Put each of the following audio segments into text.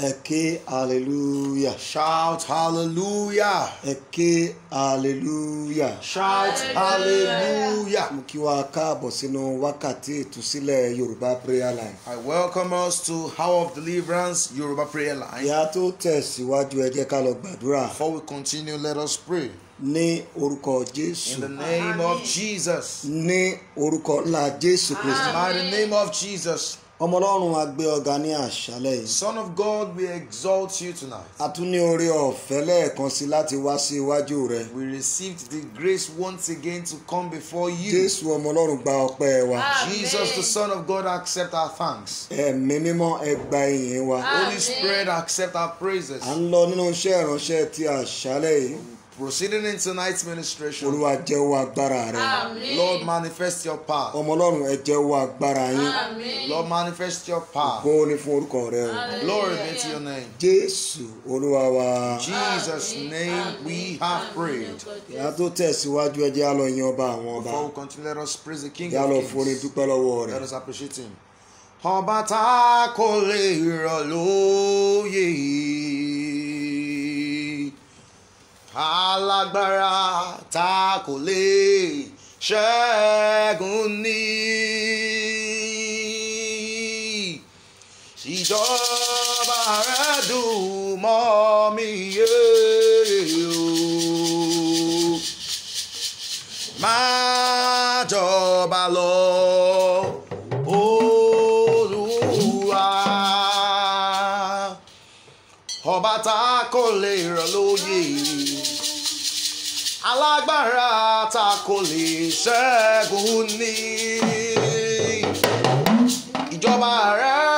Eke hallelujah. Shout hallelujah. Eke hallelujah. Shout hallelujah. Mo kí wa káàbọ̀ sínú wákàtí ìtúsílẹ̀ Yorùbá prayer line. I welcome us to Hour of Deliverance Yorùbá prayer line. Ìyá tó tẹ̀síwájú ẹ ká lọ gbàdúrà. Before we continue, let us pray. Ní orúkọ Jésù. In the name of Jesus. Ní orúkọ ńlá Jésù Kristi. By the name of Jesus ọmọ ọlọ́run a gbé ọ̀gá ní àṣálẹ̀ yìí. son of God we exalt you tonight. a tún ní oore ọ̀fẹ́ lẹ́ẹ̀kan sí láti wá sí iwájú rẹ. we received the grace once again to come before you. jésù ọmọ ọlọ́run gba ọpẹ́ wa. jesus the son of God accept our thanks. ẹ̀mí mímọ́ ẹ ìyìn wa. holy spirit accept our praises. à ń lọ nínú iṣẹ́ ìránṣẹ́ ti àṣálẹ̀ yìí proceeding in tonight's ministration. olúwa jẹ́ owó agbára rẹ. àmín. lord manifest your power. ọmọ ọlọ́run ẹ jẹ́ owó agbára yín. àmín. lord manifest your power. ògo ni fún orúkọ rẹ o. glory be to your name. jésù olúwa wa. jesus name àmín. we have prayed. ìyá tó tẹ̀síwájú ẹ jẹ́ á lọ yin ọba àwọn ọba. before we continue let us praise the king of kings. yálọ forin dúpẹ́ lọ́wọ́ rẹ. let us appreciate him. ọba tá a kò lè rọ̀ lóye yìí. Alagbara tá kò lè ṣẹ́gun ní. ìjọba rẹ dùn mọ́ mi yé o máa jọba lọ. ọba tá kò lè rọ̀ lóyè alágbára ta kò lè ṣẹ́gun ní ìjọba rẹ̀.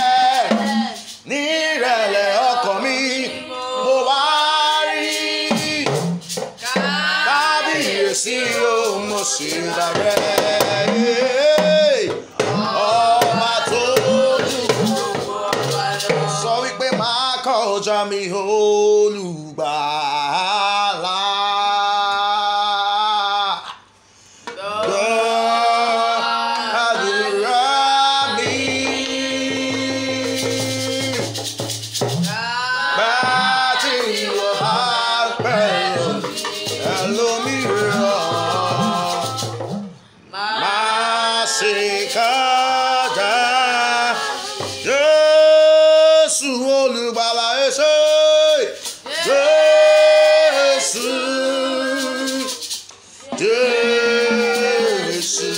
Jésù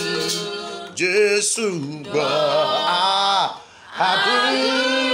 Jésù gbọ́ ah, àdúrà.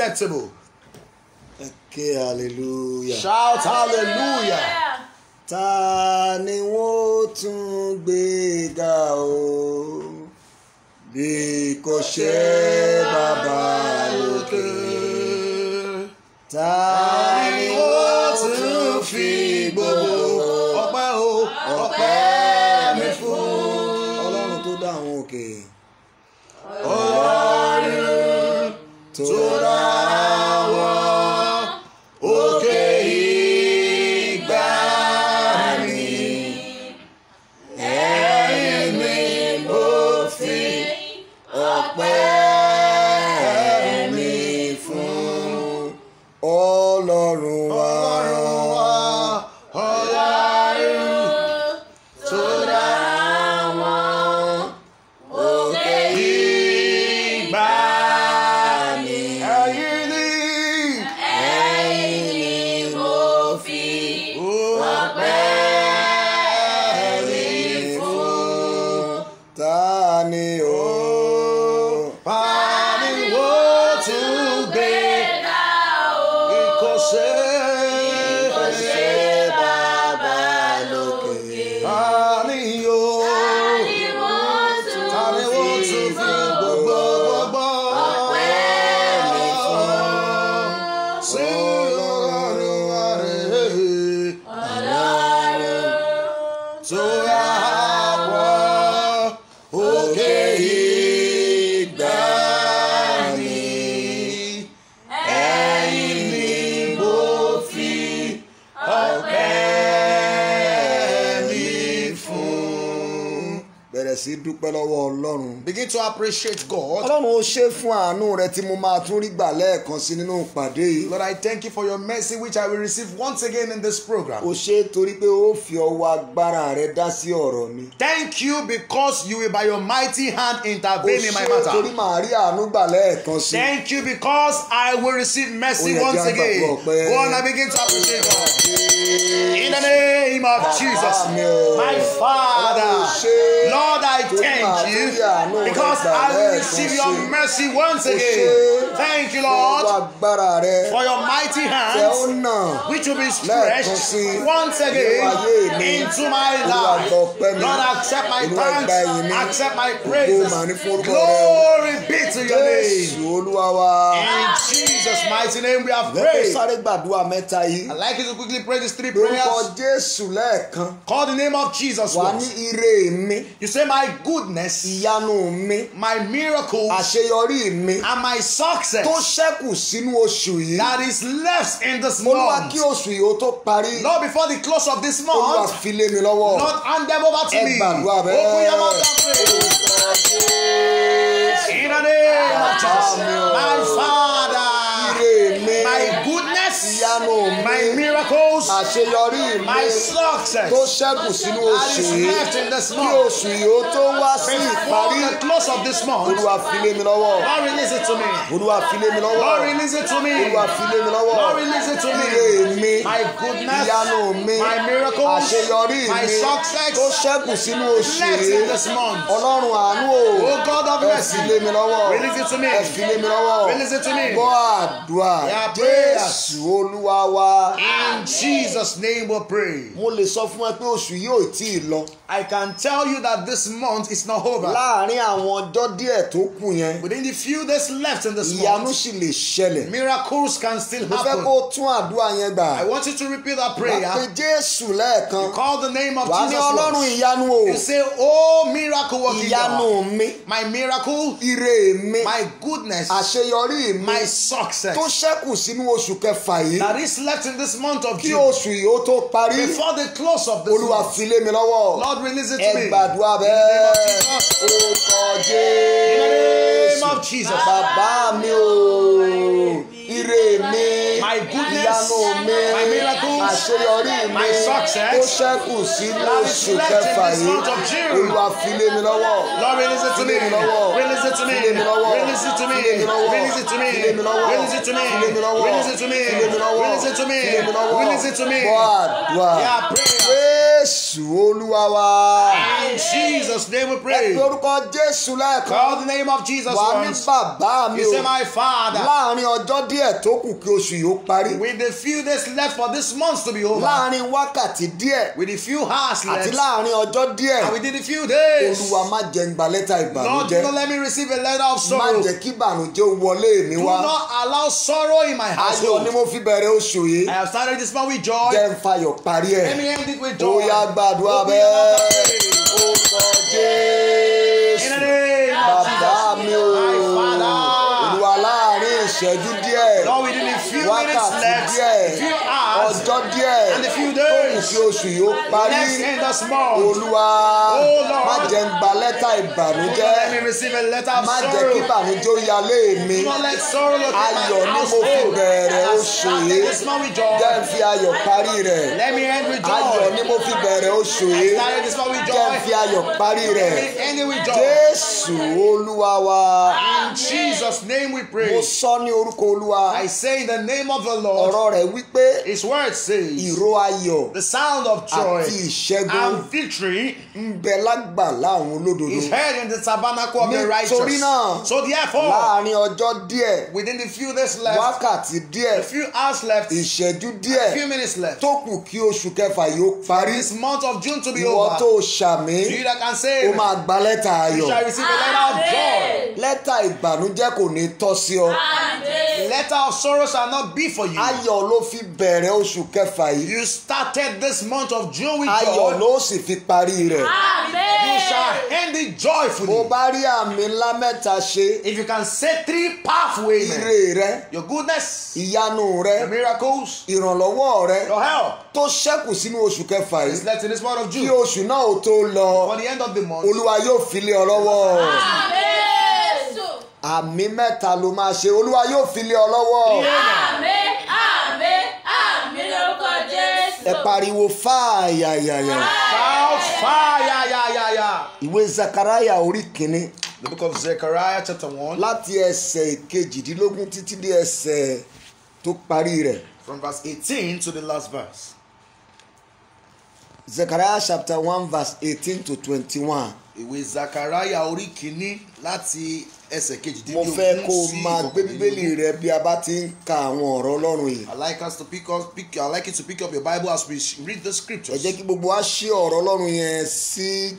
acceptable. Okay, hallelujah. Shout hallelujah. hallelujah. Ta ni wọ́n tún gbé o? Bí kò ṣe é. ọlọ́run ó ṣe fún àánú rẹ tí mo máa tún rí gbà lẹ́ẹ̀kan sí nínú ìpàdé yìí. Lord, I thank you for your mercy which I will receive once again in this program. o ṣe torí pé ó fi ọwọ́ agbára rẹ dá sí ọ̀rọ̀ mi. Thank you because you will by your mighty hand intervene in my matter. o ṣe torí màá rí àánú gbà lẹ́ẹ̀kan sí. Thank you because I will receive mercy once again. Go on I begin to appreciate God. In the name of Jesus, my Father, Lord, I thank you because I will receive your your mercy once again. Thank you, Lord, for your mighty hands, which will be stretched once again into my life. Lord, accept my thanks, accept my praises. Glory be to your name. In Jesus' mighty name we have prayed. I'd like you to quickly pray these three prayers. Call the name of Jesus once. You say, My goodness, my miracle àṣeyọrí mi. and my success. tó ṣẹ́kù sínú oṣù yìí. that is left in this month. olúwa kí oṣù yìí ó tó parí. Lord before the close of this month. olúwa fi mi lọ́wọ́. Lord hand them over to me. ẹ gbàdúrà bẹ́ẹ̀. open your mouth and pray. in the name of Jesus my father my good yes. ìyanu mi. my miracles. àṣeyọrí mi. my success. tó ṣẹ́kù sínú oṣù yìí. that is left in this month. kí oṣù yìí ó tó wá sí ìparí. before the close of this month. olúwa fi lé mi lọ́wọ́. Lord release it to me. olúwa fi lé mi lọ́wọ́. Lord release it to me. olúwa fi lé mi lọ́wọ́. Lord release it to me. ire mi. my goodness. ìyanu mi. my miracles. àṣeyọrí mi. my success. tó ṣẹ́kù sínú oṣù yìí. left in this month. ọlọ́run àánú o. o oh, God of mercy. ẹ fi lé mi lọ́wọ́. release it to me. ẹ fi lé mi lọ́wọ́. release it to me. gbọ́ àdúrà. yà á pray. Jésù olúwa wa. in Jesus name we pray. mo lè sọ fún ẹ pé oṣù yóò tí ì lọ. I can tell you that this month is not over. láàárín àwọn ọjọ́ díẹ̀ tó kù yẹn. within the few days left in this month. ìyanu sì lè ṣẹlẹ̀. miracles can still happen. mo fẹ́ kó tún àdúrà yẹn gbà. I want you to repeat that prayer. wàá pe Jésù lẹ́ẹ̀kan. you call the name of Jesus wàá ní ọlọ́run ìyanu o. you say oh miracle working God. ìyanu mi. my miracle. ire mi. my goodness. àṣeyọrí mi. my success. tó ṣẹ́kù sínú oṣù kẹfà. fà that is left in this month of June. kí oṣù yìí ó tó parí. before the close of this month. lé mi lọ́wọ́. Lord release it to me. bẹ́ẹ̀. in the name of Jesus. bàbá mi o ire mi my goodness my miracles àṣeyọrí mi ó ṣẹ́kù sínú oṣù kẹfà yìí olúwa filé mi lọ́wọ́ filé mi lọ́wọ́ filé mi lọ́wọ́ filé mi lọ́wọ́ filé mi lọ́wọ́ filé mi lọ́wọ́ filé mi lọ́wọ́ filé mi lọ́wọ́ bọ́ àdúrà. Jésù Olúwa In Jesus name we pray. Ẹ pe orúkọ Jésù lẹ́ẹ̀kan. Call the name of Jesus once. Wà ní bàbá mi o. You say my father. Láàárín ọjọ́ díẹ̀ tó kù kí oṣù yìí parí. With the few days left for this month to be over. Láàárín wákàtí díẹ̀. With the few hours left. Àti láàárín ọjọ́ díẹ̀. And within a few days. Olúwa má jẹ́ ń gba lẹ́tà ìbànújẹ́. Lord, don't let me receive a letter of sorrow. Má jẹ́ kí ìbànújẹ́ wọlé mi wá. Do not allow sorrow in my household. Ayọ̀ ni mo fi bẹ̀rẹ̀ oṣù yìí. I have started this month with joy. Jẹ́ ń fayọ̀ parí ẹ̀. Let me end it with joy gbàdúrà bẹ́ẹ̀ ó sọ Jésù bàbá mi ò olúwa láàrin ìṣẹ́jú díẹ̀ wákàtí díẹ̀ ọjọ́ díẹ̀ tó kù sí oṣù yìí parí olúwa oh, má jẹ́ lẹ́tà ìbànújẹ́. má jẹ́ kí ìbànújẹ́ yalé mi. ayọ̀ ni mo fi bẹ̀rẹ̀ oṣù yìí. jẹ́ fi ayọ̀ parí rẹ̀. ayọ̀ ni mo fi bẹ̀rẹ̀ oṣù yìí. jẹ́ fi ayọ̀ parí rẹ̀. Jésù Olúwa wa. Mo sọ ní orúkọ Olúwa. Ọ̀rọ̀ rẹ̀ wípé. His Ìró ayọ̀. The of Àti ìṣẹ́gun. Ń bẹ lágbàlá àwọn olóòtú. olódodo. is heard in the tabernacle of the righteous. nítorí náà so therefore láàrin ọjọ́ díẹ̀ within the few days left wákàtí díẹ̀ the few hours left ìṣẹ́jú díẹ̀ a few minutes left tó kù kí oṣù kẹfà yóò parí this month of June to be over ìwọ tó ṣàmì you that can say o máa gba lẹ́tà ayọ̀ you shall receive a letter of joy lẹ́tà ìbànújẹ́ kò ní tọ́ sí ọ letter of sorrow shall not be for you. ayọ̀ ló fi bẹ̀rẹ̀ oṣù kẹfà yìí. you started this month of June with joy. ayọ̀ ló sì fi parí rẹ̀. amen. you shall end joyfully. bó bá rí àmì ńlá mẹ́ta ṣe. if you can say three pathways, ire rẹ. your goodness. ìyanu rẹ. your miracles. ìrànlọ́wọ́ rẹ. your help. tó ṣẹ́kù sínú oṣù kẹfà yìí. is left in this month of June. kí oṣù náà ó tó lọ. for the end of the month. olúwa yóò fi lé ọ lọ́wọ́. àmín. àmì mẹ́ta ló máa ṣe olúwa yóò fi ọ lọ́wọ́. àmín àmín àmín lórúkọ Jésù. ẹ pariwo fáàyà yàyà. Ah, Ìwé Zakaraya orí kìíní. The book of Zechariah chapter one. Láti ẹsẹ̀ kejìdínlógún títí dé ẹsẹ̀ tó parí rẹ̀. From verse eighteen to the last verse. Zechariah chapter one verse eighteen to twenty-one. Ìwé Zakaraya orí kìíní láti ẹsẹ̀ kejì dídùn mo fẹ́ kó o máa bíbélì rẹ bí a bá ti ń ka àwọn ọ̀rọ̀ ọlọ́run yìí. I like us to pick up pick, I like you to pick up your Bible as we read the scriptures. ẹ jẹ́ kí gbogbo wa ṣí ọ̀rọ̀ ọlọ́run yẹn sí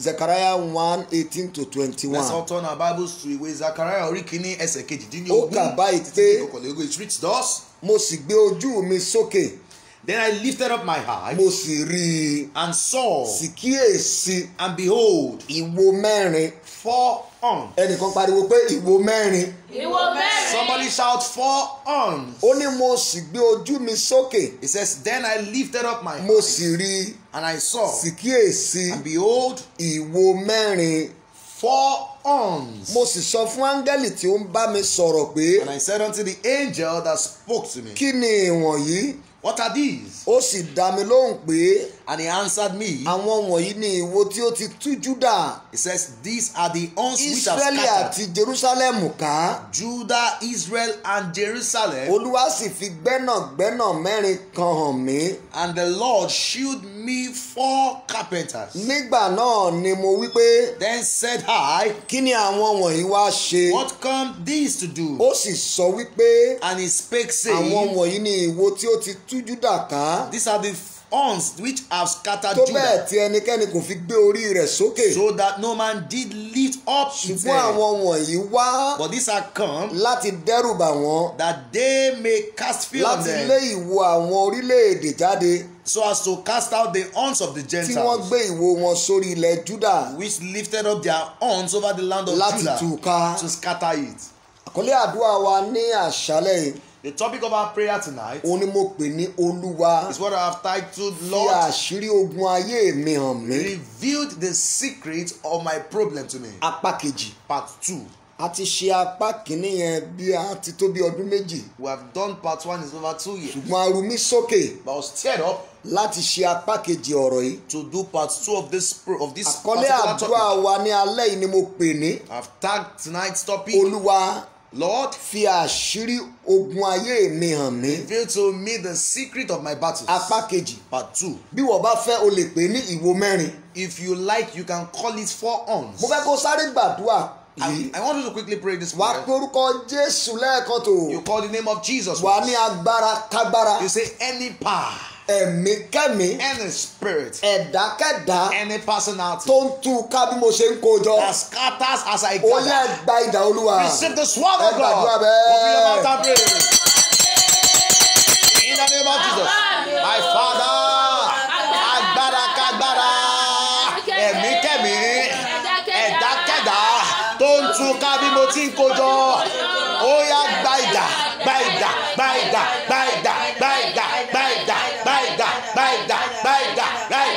Zechariah one eighteen to twenty-one. Let's all turn our Bibles to ìwé Zechariah orí kìíní ẹsẹ̀ kejì dín ní ogún. Ó kà báyìí pé it reads thus. Mo sì gbé ojú mi sókè. Then I lifted up my heart. Mo sì rí i. And saw. Sì kíyèsí. And behold. Ìwo mẹ́rin. Four on. ẹnìkan pariwo pé ìwo mẹ́rin. ìwo mẹ́rin. somebody shout four horns. ó ní mo sì gbé ojú mi sókè. he says then I lifted up my. mo sì rí. and I saw. sì kíyèsí. and behold. ìwo mẹ́rin. four horns. mo sì sọ fún áńgẹ́lì tí ó ń bá mi sọ̀rọ̀ pé. and I said unto the angel that spoke to me. kí ni ìwọ̀nyí. what are these. ó sì dá mi lóhùn pé and he answered me. àwọn wọ̀nyí ni ìwo tí ó ti tú Judah. he says these are the horns which have scattered. Israeli àti Jerusalem ká. Judah Israel and Jerusalem. Olúwa sì fi gbẹ́nàgbẹ́nà mẹ́rin kan hàn mí. and the Lord shewed me four carpenters. nígbà náà ni mo wí pé. then said I. kí ni àwọn wọ̀nyí wá ṣe. what come these to do. ó sì sọ wípé. and he spake saying. àwọn wọ̀nyí ni ìwo tí ó ti tú Judah ká. these are the horns which have scattered Judah. tó bẹ́ẹ̀ tí ẹnikẹ́ni kò fi gbé orí rẹ̀ sókè. so that no man did lift up his head. ṣùgbọ́n àwọn wọ̀nyí wá. but these are come. láti dẹ́rù bà wọ́n. that they may cast fear on them. láti lé ìwo àwọn orílẹ̀-èdè jáde. so as to cast out the horns of the Gentiles. tí wọ́n gbé ìwo wọn sórí ilẹ̀ Judah. which lifted up their horns over the land of Judah. láti tú ká. to scatter it. àkọlé àdúrà wa ní àṣálẹ̀ yìí The topic of our prayer tonight. Òun ni mo pè ní Olúwa. Is what I have titled Lord. Fi àṣírí ogun ayé mi hàn mí. Revealed the secret of my problem to me. Apá kejì. Part two. A ti ṣe apá kìíní yẹn bí a ti tó bí ọdún méjì. We have done part one is over two years. Ṣùgbọ́n a rú mi sókè. But I was teared up láti ṣe apá kejì ọ̀rọ̀ yìí. to do part two of this of this àkọlé àdúrà wa ní alẹ́ yìí ni mo pè ní. I have tagged tonight's topic. Olúwa Lord, fi àṣírí ogun ayé mi hàn mí. Reveal to me the secret of my battles. Apá kejì. Part two. Bí wọ́n bá fẹ́ o lè pè ní ìwo mẹ́rin. If you like, you can call it four horns. Mo fẹ́ kó sáré gbàdúrà I, I want you to quickly pray this prayer. wà á porúkọ Jésù lẹ́ẹ̀kan tó. You call the name of Jesus. wà á ní agbára kágbára. You say any power ẹ̀mí kẹ́mí. any spirit. ẹ̀dá kẹ́dá. any personality. tó ń tú ká bí mo ṣe ń kojọ. that scatters as I gather. ó yẹ ìdá olúwa. receive the sword of God. ẹ gbàdúrà bẹ́ẹ̀. in the name of Jesus. my father.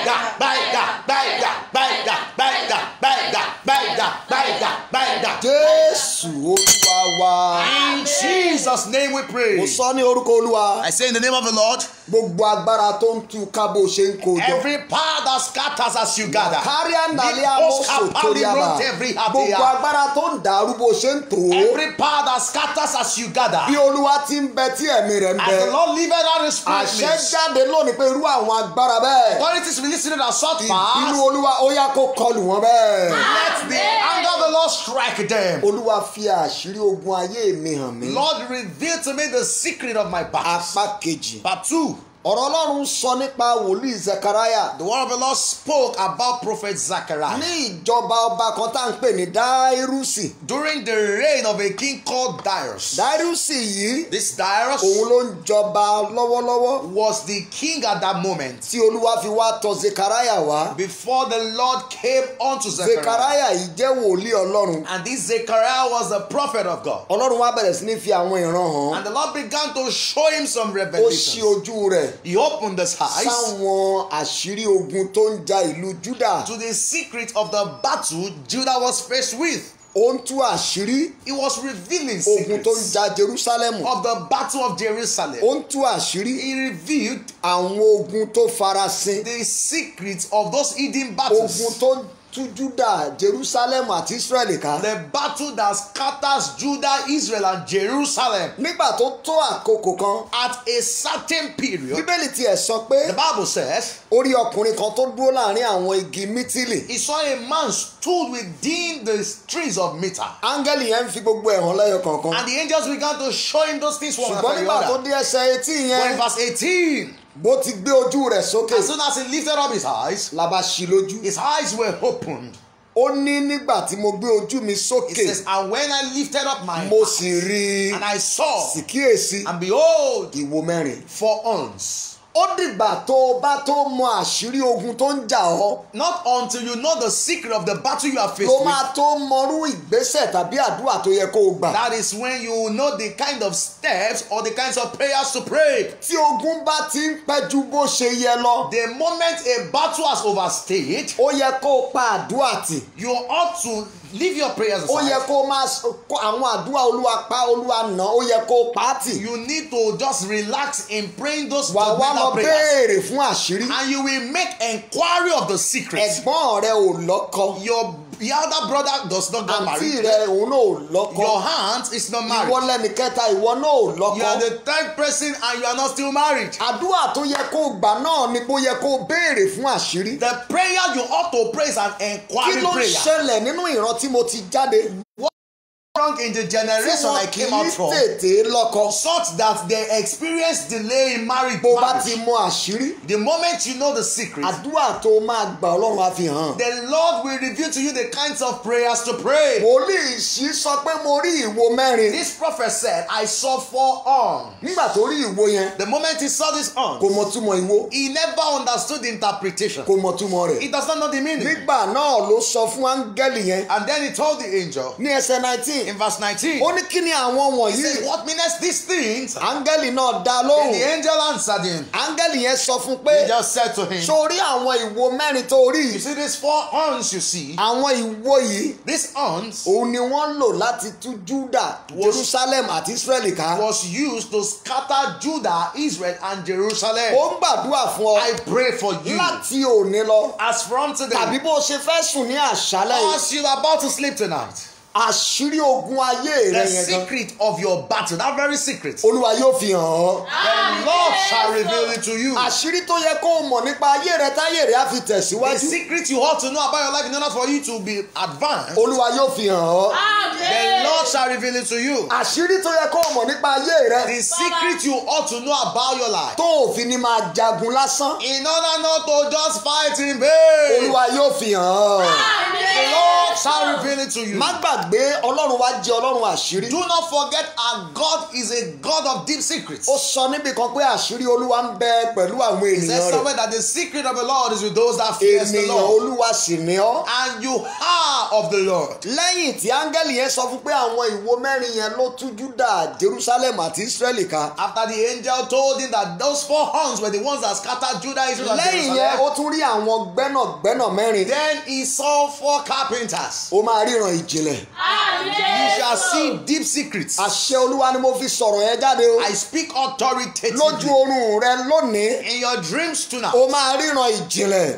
baida, baida, baida, baida, baida, baida, baida, baida, baida. Jésù Olúwa In Jesus name we pray. Mo Olúwa. I say in the name of the Lord. gbogbo agbára tó ń tú ká bó ṣe ń kó jọ. every power that scatters as you gather. kárí àndàlí àmọ́sọ̀ torí àbá gbogbo agbára tó ń dàrú bó ṣe ń tó. every power that scatters as you gather. bí olúwa ti ń bẹ tí ẹ̀mí rẹ̀ ń bẹ. as the lord live and his spirit lives. àṣẹ jáde lónìí pé irú àwọn agbára bẹ́ẹ̀. authorities releasing that sort pass. inú olúwa ó yá kó kọlù wọn bẹ́ẹ̀. let the anger of the lord strike them. olúwa fi àṣírí ogun ayé mi hàn mí. lord reveal to me the secret of my past. apá kejì. part two ọ̀rọ̀ ọlọ́run sọ nípa wòlíì Zechariah. the word of the Lord spoke about prophet Zechariah. ní ìjọba ọba kan tá à ń pè ní Dairusi. during the reign of a king called Darius. Dairusi yìí. this Darius. òun ló ń jọba lọ́wọ́lọ́wọ́. was the king at that moment. tí olúwa fi wá tọ̀ Zechariah wá. before the Lord came unto Zechariah. Zechariah yìí jẹ́ wòlíì ọlọ́run. and this Zechariah was a prophet of God. ọlọ́run wá bẹ̀rẹ̀ sí ní fi àwọn ìran hàn. and the Lord began to show him some revelations. ó ṣí ojú rẹ̀. He opened his eyes. Sáwọn àṣírí ogun tó ń ja ìlú Júdà. To the secret of the battle Judah was faced with. Ó ń tú àṣírí. He was revealing secrets. Ogun tó ń ja Jerusalem. Of the battle of Jerusalem. Ó ń tú àṣírí. He revealed. Àwọn ogun tó farasin. The secret of those hidden battles. Ogun tó ń To Judah, Jerusalem àti Israel ká. The battle that scatters Judah, Israel and Jerusalem. Nígbà tó tó àkókò kan. At a certain period. Bíbélì tiẹ̀ sọ pé. The Bible says. Orí ọkùnrin kan tó dúró láàrin àwọn igi mítìlì. He saw a man stood within the trees of Mita. Angeli yẹn ń fi gbogbo ẹ̀hàn lẹ́yọ kọ̀ọ̀kan. And the angels began to show him those things one after the other. Ṣùgbọ́n nígbà tó dé ẹsẹ̀ etí yẹn. When verse eighteen bó ti gbé ojú rẹ̀ sókè. as soon as he lifted up his eyes. la bá ṣí lójú. his eyes were opened. ó ní nígbà tí mo gbé ojú mi sókè. he says and when I lifted up my. mo sì rí i. and I saw. sì kíyèsí. and behold. ìwo mẹ́rin. four horns ó dìgbà tó o bá tó mọ àṣírí ogun tó ń jà ọ́. not until you know the secret of the battle you are facing. ló máa tó mọrú ìgbésẹ̀ tàbí àdúrà tó yẹ kó o gbà. that is when you know the kind of steps or the kinds of prayers to pray. tí ogun bá ti ń pẹ́ ju bó ṣe yẹ lọ. the moment a battle has overstayed. ó yẹ kó o pa àdúrà tì. you ought to leave your prayers aside. ó yẹ kó máa àwọn àdúrà olúwa pa olúwa nà ó yẹ kó pàtì. you need to just relax in praying those together prayers. wà wá lọ béèrè fún àṣírí. and you will make enquiry of the secret. ẹ̀gbọ́n rẹ ò lọ́kọ. your the elder brother does not get married. àǹtí rẹ òun náà ò lọ́kọ. your aunt is not married. ìwọ lẹ́ni ìwọ náà ò lọ́kọ. you are the third person and you are not still married. àdúrà tó yẹ kó gbà náà ni kó yẹ kó béèrè fún àṣírí. the prayer you ought to pray is an enquiry prayer. kí ló ń ṣẹlẹ̀ nínú ìrántí tí mo ti jáde Wrong in the generation I came out from such that they experience delay in marriage. bó bá ti mọ àṣírí. the moment you know the secret. àdúrà tó máa gbà Ọlọ́run á fi hàn. the Lord will reveal to you the kinds of prayers to pray. wòlíì ṣí sọ pé mo rí ìwo mẹ́rin. this prophet said I saw four arms. nígbà tó rí ìwo yẹn. the moment he saw this arm, kò mọ túmọ̀ ìwo. he never understood the interpretation. kò mọ túmọ̀ rẹ̀. he does not know the meaning. nígbà náà ló sọ fún áńgẹ́lì yẹn. and then he told the angel. ní ẹsẹ̀ nineteen in verse nineteen. ó ní kí ni àwọn wọ̀nyí. he said what means these things. áńgẹ́lì náà dá lóhùn. the angel answered him. áńgẹ́lì yẹn sọ fún pé. he just said to him. sórí àwọn ìwo mẹ́rin tó rí. you see these four horns you see. àwọn ìwo yìí. these horns. òun ni wọ́n lò láti tú Judah Jerusalem àti Israeli ká. was used to scatter Judah Israel and Jerusalem. ó ń gbàdúrà fún ọ. I pray for you. láti òní lọ. as from today. tàbí bó ṣe fẹ́ sùn ní àṣálẹ́ as you are about to sleep tonight àṣírí ogun ayé rẹ yẹn gan. the secret of your battle that very secret. olúwa yóò fi hàn ọ́. the ah, lord shall reveal it to you. àṣírí tó yẹ kó o mọ̀ nípa ayé rẹ táyé rẹ á fi tẹ̀síwájú. the secret you ought to know about your life in order for you to be advanced. olúwa yóò fi hàn ọ́. the lord shall reveal it to you. àṣírí tó yẹ kó o mọ̀ nípa ayé rẹ. the secret you ought to know about your life. tó o fi ni máa jagun lásán. in order not to just fight in vain. olúwa yóò fi hàn ọ́. the lord shall reveal it to you. má gbàgbé ọlọ́run wa jẹ́ ọlọ́run àṣírí. do not forget our God is a God of deep secrets. ó sọ níbi kan pé àṣírí olúwa ń bẹ pẹ̀lú àwọn ènìyàn rẹ̀. he said somewhere that the secret of the Lord is with those that fear the Lord. ènìyàn olúwa sì ni ọ́. and you are of the Lord. lẹ́yìn tí áńgẹ́lì yẹn sọ fún pé àwọn ìwo mẹ́rin yẹn ló tú Júdà Jerusalem àti Israeli ká. after the angel told him that those four horns were the ones that scattered Judah Israel and Jerusalem. lẹ́yìn yẹn ó tún rí àwọn gbẹ́nàgbẹ́nà mẹ́rin. then he saw four carpenters stars. o máa ríran ìjìnlẹ̀. you shall see deep secrets. àṣẹ olúwa ni mo fi sọ̀rọ̀ yẹn jáde o. I speak authoritatively. lójú oorun rẹ lónìí. in your dreams tonight. o máa ríran ìjìnlẹ̀.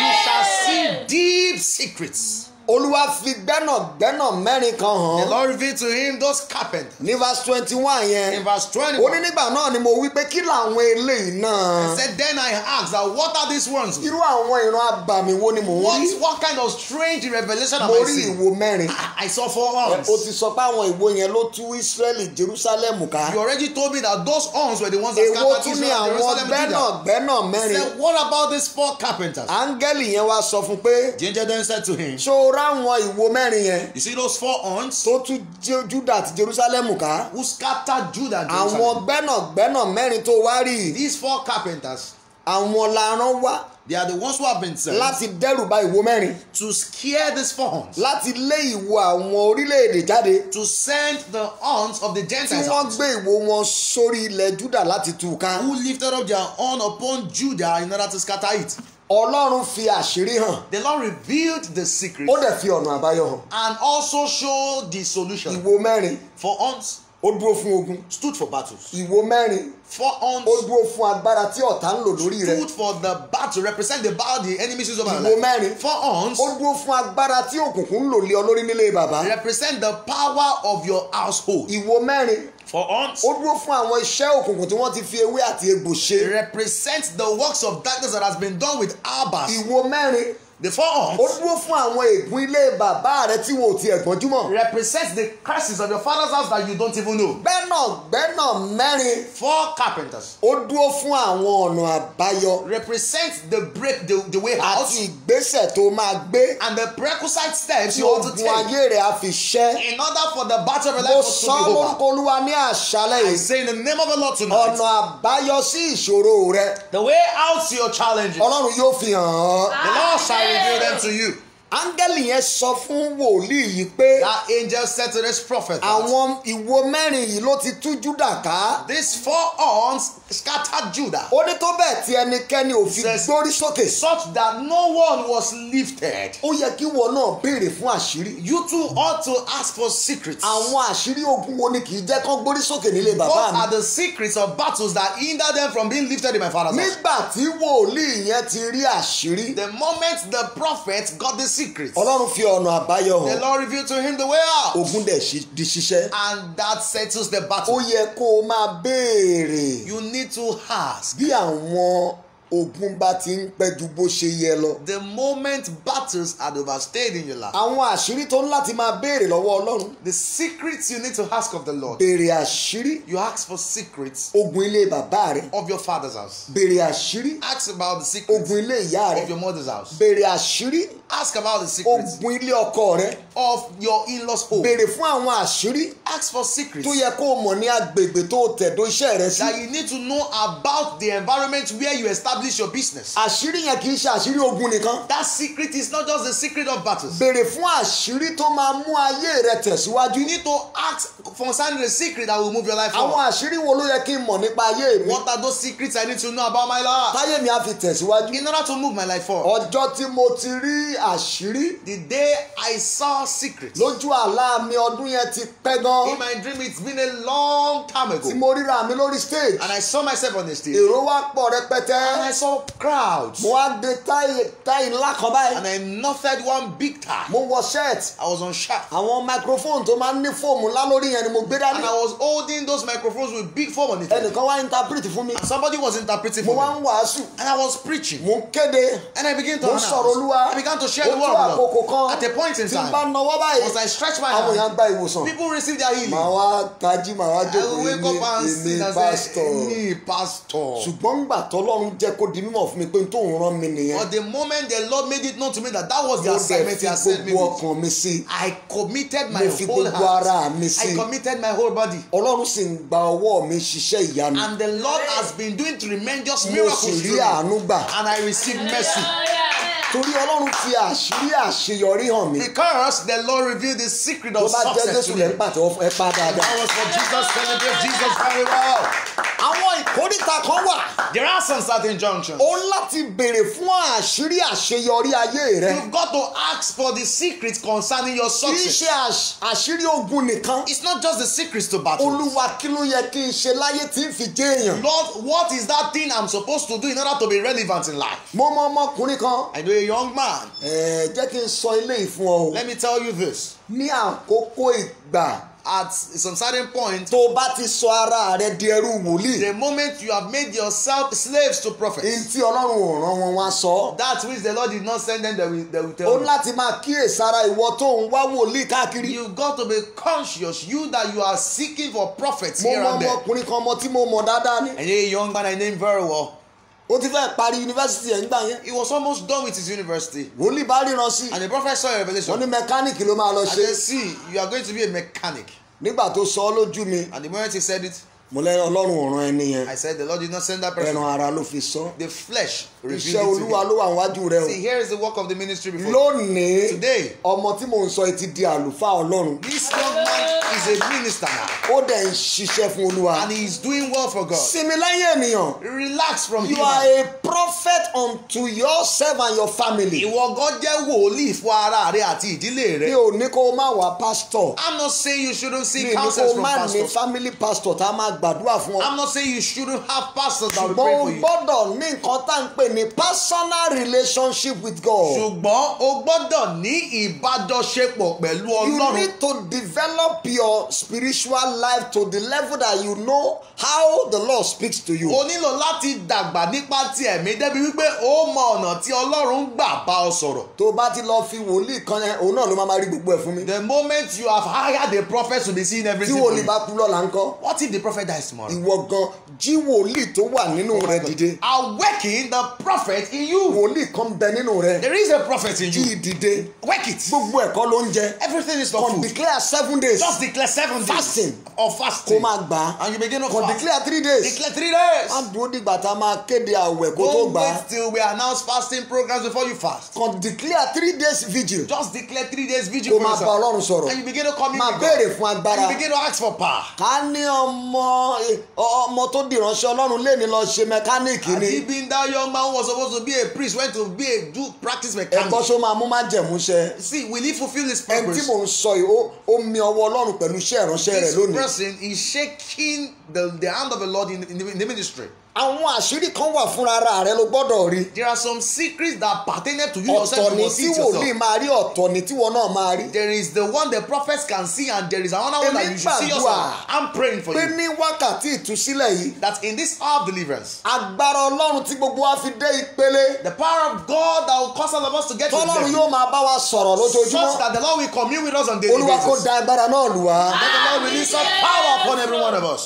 you shall see deep secrets olúwa fi gbẹ́nàgbẹ́nà mẹ́rin kan hàn. the lord revealed to him those carpenters. ní verse twenty-one yẹn. in verse twenty-one. ó ní nígbà náà ni mo wí pé kí làwọn eléyìí náà. I said then I asked that what are these ones. irú àwọn ìran abàmì wo ni mò rí. what what kind of strange revelation am I seeing. mo rí ìwo mẹ́rin. Ah, I saw four horns. o ti sọ pé àwọn ìwo yẹn ló tú Israeli Jerusalem ká. you already told me that those horns were the ones that scattered Israel Jerusalem to them. èwo tún ni àwọn gbẹ́nàgbẹ́nà mẹ́rin. I said what about these four carpenters. áńgẹ́lì yẹn wá sọ fún pé. ginger then said to him. ṣó ráwọn ìwo mẹ́rin yẹn. you see those four horns. tó tú Juda àti Jerusalem ká. who scattered Juda and Jerusalem. àwọn gbẹ́nàgbẹ́nà mẹ́rin tó wá rí. these four carpenters. àwọn làrán wá. They are the ones who have been sent. láti dẹ́rù bà ìwo mẹ́rin. to scare these four horns. láti lé ìwo àwọn orílẹ̀-èdè jáde. to send the horns of the Gentiles. tí wọ́n gbé ìwo wọn sórí ilẹ̀ Juda láti tú u ká. who lifted up their horn upon Judah in order to scatter it. Ọlọ́run fi àṣírí hàn. The Lord revealed the secret. Ó dẹ̀ fi ọ̀nà àbáyọ hàn. And also showed the solution. Ìwo mẹ́rin. For us. Ó dúró fún ogun. Stood for battles. Ìwo mẹ́rin. For us. Ó dúró fún agbára tí ọ̀tá ń lò lórí rẹ̀. Stood for the battle represent the battle the enemy sees over our life. Ìwo mẹ́rin. For us. Ó dúró fún agbára tí òkùnkùn ń lò lé ọ lórí nílé bàbá. Represent the power of your household. Ìwo mẹ́rin for us. ó dúró fún àwọn iṣẹ́ òkùnkùn tí wọ́n ti fi ewé àti egbò ṣe. represent the works of darkness that has been done with herbs. ìwo mẹ́rin the four horns. ó dúró fún àwọn ègún ilé bàbá rẹ tí wọn ò tiẹ̀ gbọ́njú mọ̀. represents the curses of your father's house that you don't even know. gbẹ́nàgbẹ́nà mẹ́rin. four carpenters. ó dúró fún àwọn ọ̀nà àbáyọ. represents the break the, the way out. àti ìgbésẹ̀ tó máa gbé. and the prerequisite steps you want to take. tí ogun ayé rẹ̀ á fi ṣẹ́. in order for the battle of life to be over. mo sọ lórúkọ olúwa ní àṣálẹ̀ yìí. I say in the name of the Lord tonight. ọ̀nà àbáyọ sí ìṣòro rẹ. the way out to your challenges. ọlọ́run yóò fi hàn án. the Lord shall going to do them to you. áńgẹ́lì yẹn sọ fún wòlíì yìí pé. that angel said to this prophet. àwọn ìwo mẹ́rin yìí ló ti tú Júdà ká. these four horns scattered Judah. ó ní tó bẹ́ẹ̀ tí ẹnikẹ́ni ò fi gbórí sókè. such that no one was lifted. ó yẹ kí wọn náà béèrè fún àṣírí. you too ought to ask for secrets. àwọn àṣírí ogun wo ni kì í jẹ́ kán gbórí sókè nílé bàbá mi. what are the secrets of battles that hinder them from being lifted in my father's house. nígbà tí wòlíì yẹn ti rí àṣírí. the moment the prophet got the secret secrets. Ọlọ́run fi ọ̀nà àbáyọ hàn. The Lord revealed to him the way out. Ogun dẹ̀ di ṣiṣẹ́. And that settles the battle. Ó yẹ kó o máa béèrè. You need to ask. Bí àwọn ogun bá ti ń pẹ́ ju bó ṣe yẹ lọ. the moment battles are overstayed in your life. àwọn àṣírí tó ń láti máa béèrè lọ́wọ́ Ọlọ́run. the secrets you need to ask of the Lord. béèrè àṣírí. you ask for secrets. ogun ilé bàbá rẹ. of your father's house. béèrè àṣírí. ask about the secrets. ogun ilé ìyá rẹ. of your mother's house. béèrè àṣírí ask about the secrets. ogun ilé ọkọ rẹ. of your in-laws home. béèrè fún àwọn àṣírí. ask for secrets. tó yẹ kó o mọ̀ ní agbègbè tó o tẹ̀dó iṣẹ́ rẹ sí. that you need to know about the environment where you establish your business. àṣírí yẹn kì í ṣe àṣírí ogun nìkan. that secret is not just the secret of battles. béèrè fún àṣírí tó máa mú ayé rẹ tẹ̀síwájú. you need to ask concerning the secret that will move your life forward. àwọn àṣírí wo ló yẹ kí n mọ̀ nípa ayé mi. what are those secrets I need to know about my life. táyé mi á fi tẹ̀síwájú. in order to move my life forward. ọjọ́ tí mo ti rí àṣírí. the day I saw secret. lójú àlá mi ọdún yẹn ti pẹ́ gan. in my dream it's been a long time ago. tí mo ríra mi lórí stage. and I saw myself on the stage. èrò wá pọ̀ rẹpẹtẹ. and I saw crowds. mo wá de táyì táyì ńlá kan báyìí. and I knotted one big tie. mo wọ shirt. I was on shirt. àwọn microphone tó máa ń ní fóòmù ńlá yẹn ni mo gbé dání. and I was holding those microphones with big foam on it. ẹnìkan wá interpret fún mi. and somebody was interpreting for me. mo wá ń wàásù. and I was preaching. mo kéde. and I began to announce. mo sọ̀rọ̀ olúwa. I began to share the word of God at a point in time once I stretch my hand people receive their healing I wá tají màá wá jókòó èmi èmi pastor pastor ṣùgbọ́n gbà tọ́lọ́run jẹ́ kó di mímọ̀ fún mi pé n tó ń rán mi nìyẹn. but the moment the Lord made it known to me that that was the assignment he had sent me with. I committed my whole heart. I committed my whole body. ọlọ́run sì ń gba ọwọ́ mi ṣiṣẹ́ ìyanu. and the Lord has been doing tremendous miracles through me. and I received mercy. Yeah, yeah torí ọlọ́run fi àṣírí àṣeyọrí hàn mí. because the Lord revealed the secret of success to me. tó bá jẹ́ Jésù lẹ́ ń ẹ pa dáadáa. that was for Jesus celebrate Jesus very well àwọn ìkórìtà kan wà. there are some certain junctions. o láti béèrè fún àṣírí àṣeyọrí ayé rẹ. you got to ask for the secret concerning your success. kì í ṣe àṣírí ogun nìkan. it's not just the secret to battle. olúwa kí ló yẹ kí n ṣe láyé tí n fi jẹ́ èèyàn. lord what is that thing i'm supposed to do in order to be relevant in life. mo mọ ọmọkùnrin kan. i know a young man. ẹ jẹ́ kí n sọ eléyìí fún ọ. let me tell you this. ní àkókò ìgbà at some certain point. tó o bá ti sọ ara rẹ di ẹrú wòlíì. the moment you have made yourself slaves to prophets. n tí ọlọ́run ò rán wọn wá sọ. that which the Lord did not send them they will, they will tell you. o láti máa kíyèsára ìwọ tó ń wá wòlíì káàkiri. you got to be conscious you that you are seeking for prophets here and there. mo mọ ọmọkùnrin kan ọmọ tí mo mọ dáadáa ni. ẹ̀yin young man I name very well ó ti fẹ́ parí yunifásitì ẹ̀ nígbà yẹn. he was almost done with his university. wòlíì bá ríran sí. and the prophet saw a revelation. wọ́n ní mẹkáníìkì ló máa lọ ṣe. I said see you are going to be a mechanic. nígbà tó sọ ọ́ lójú mi. and the moment he said it. mo lẹ́yìn ọlọ́run ọ̀ràn ẹni yẹn. I said the Lord did not send that person. ẹran ara ló fi sọ. the flesh iṣẹ́ olúwa ló wà níwájú rẹ o. see here is the work of the ministry before. lónìí today ọmọ tí mò ń sọ ti di àlùfáà ọlọ́run. this young man is a minister now. ó dẹ̀ ń ṣiṣẹ́ fún olúwa. and he is doing well for God. sinmi lẹ́yìn ènìyàn. relax from you him. you are a prophet unto yourself and your family. ìwọ gan jẹ́ wòlíì fún ara rẹ àti ìdílé rẹ. mi ò ní kó o má wà pastor. i'm not saying you shouldn't see counsel from pastors. mi ò ní kó o má ní family pastor tá a máa gbàdúrà fún ọ. i'm not saying you shouldn't have pastors that will pray for you. ṣùgbọ́n o gbọ́dọ̀ ní nǹkan tá à ń pè ní personal relationship with God. ṣùgbọ́n o gbọ́dọ̀ ní ìbájọṣepọ̀ pẹ̀lú Ọlọ́run. you need to develop your spiritual life to the level that you know how the Lord speaks to you. o nílò láti dàgbà nípa ti ẹ̀mí débi wípé o mọ ọ̀nà tí Ọlọ́run gbà bá ọ sọ̀rọ̀. tó o bá ti lọ fi wòlíì kan yẹn òun náà ló máa ma rí gbogbo ẹ̀ fún mi. the moment you have hired a prophet to be seeing everything. tí wòlíì bá kú lọ́la ńkọ́. what if the prophet dies tomorrow. ìwọ gan jí wòlíì tó wà nínú rẹ dìde. awaken the prophet in you. wòlíì kan bẹ nínú rẹ. there is a prophet in you. yìí work it. gbogbo ẹ̀kọ́ ló ń jẹ. everything is not food. come seven days. just declare seven days. fasting. or fasting. kó máa gbà. and you begin to fast. come declare three days. declare three days. And dúró dìgbà tá a máa kéde àwẹ̀ kó tó gbà. don't wait till we announce fasting programs before you fast. come declare three days vigil. just declare three days vigil kó máa bá Ọlọ́run sọ̀rọ̀. and you begin to come in. máa béèrè fún agbára. you begin to ask for power. ká ní ọmọ ọmọ tó dìránṣẹ́ Ọlọ́run lé lọ ṣe mẹkáníìkì ni. àti bí ń dá yọ ọmọ who was supposed to be a priest went to be a do practice mechanic. ẹ̀kọ́ ṣó máa mú má jẹ̀mú ṣẹ. see will he fulfil his purpose. ẹni tí mò ń sọ yìí ó mi ọwọ́ Ọlọ́run pẹ̀lú iṣẹ́ ìránṣẹ́ rẹ̀ lónìí. this person is shaking the, the hand of the Lord in, in, the, in the ministry àwọn àṣírí kan wà fúnra ara rẹ ló gbọ́dọ̀ rí. there are some secrets that pertain to you yourself you must see yourself. ọ̀tọ̀ ni tí wòlíì máa rí ọ̀tọ̀ ni tíwọ náà máa rí. there is the one the prophets can see and there is another one that you should see yourself. I'm praying for you. pé ní wákàtí ìtúsílẹ̀ yìí. that in this hour of deliverance. agbára ọlọ́run tí gbogbo wa fi dé ìpele. the power of God that will cause all of us to get to the level. tọ́lọ́run yóò máa bá wa sọ̀rọ̀ lójoojúmọ́. such that the Lord will commune with us on daily basis. olúwa kò da agbára náà lù wá.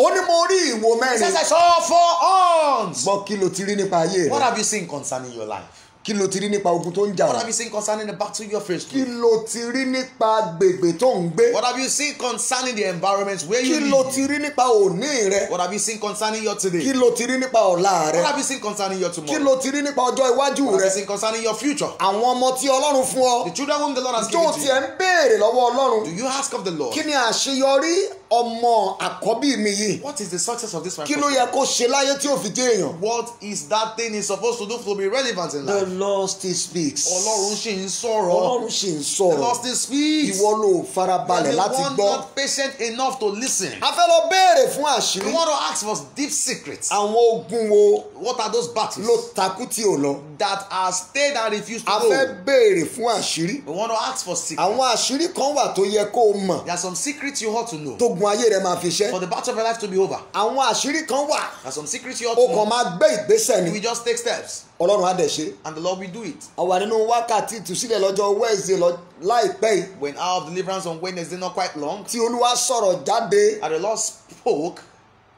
one of says I saw four all sons. gbọ́ kí ló ti rí nípa ayé rẹ. what have you seen concerning your life? kí ló ti rí nípa ogun tó ń jà. what have you seen concerning the battle you are faced with. kí ló ti rí nípa gbègbè tó ń gbé. what have you seen concerning the environment where you live. kí ló ti rí nípa òní rẹ. what have you seen concerning your today. kí ló ti rí nípa ọ̀la rẹ. what have you seen concerning your tomorrow. kí ló ti rí nípa ọjọ́ iwájú rẹ. what have you seen concerning your future. àwọn ọmọ tí Ọlọ́run fún ọ. the children whom the Lord has given to you. tó tiẹ̀ ń béèrè lọ́wọ́ Ọlọ́run. do you ask of the Lord. kí ni àṣeyọrí ọmọ àkọ́bí mi yìí. what is the success of this one. kí ló yẹ kó ṣe láyé tí ó fi jẹ́ èèyàn. what is that thing he supposed to do to be relevant in life. the Lord still speaks. ọlọ́run ṣì ń sọ̀rọ̀. ọlọ́run ṣì ń sọ̀rọ̀. the Lord still speaks. ìwọ ló farabalẹ̀ láti gbọ́. you are not patient enough to listen. a fẹ́ lọ béèrè fún àṣírí. we want to ask for deep secrets. àwọn ogun wo. what are those battles. ló takú tí ò lọ. that are stayed and refused to go. a fẹ́ béèrè fún àṣírí. we want to ask for secrets. àwọn àṣírí kan wà tó yẹ kó o mọ̀. there are some secrets you ought to know ogun ayé rẹ máa fi ṣẹ́. for the battle of your life to be over. àwọn àṣírí kan wà. and some secrets you ought to know. o kàn máa gbé ìgbésẹ̀ ni. we just take steps. ọlọ́run á dẹ̀ ṣe. and the Lord will do it. àwa nínú wákàtí ìtúsílẹ̀ lọ́jọ́ wednesday lọ láìpẹ́ yìí. when hour of deliverance on wednesday not quite long. tí olúwa sọ̀rọ̀ jáde. and the Lord spoke.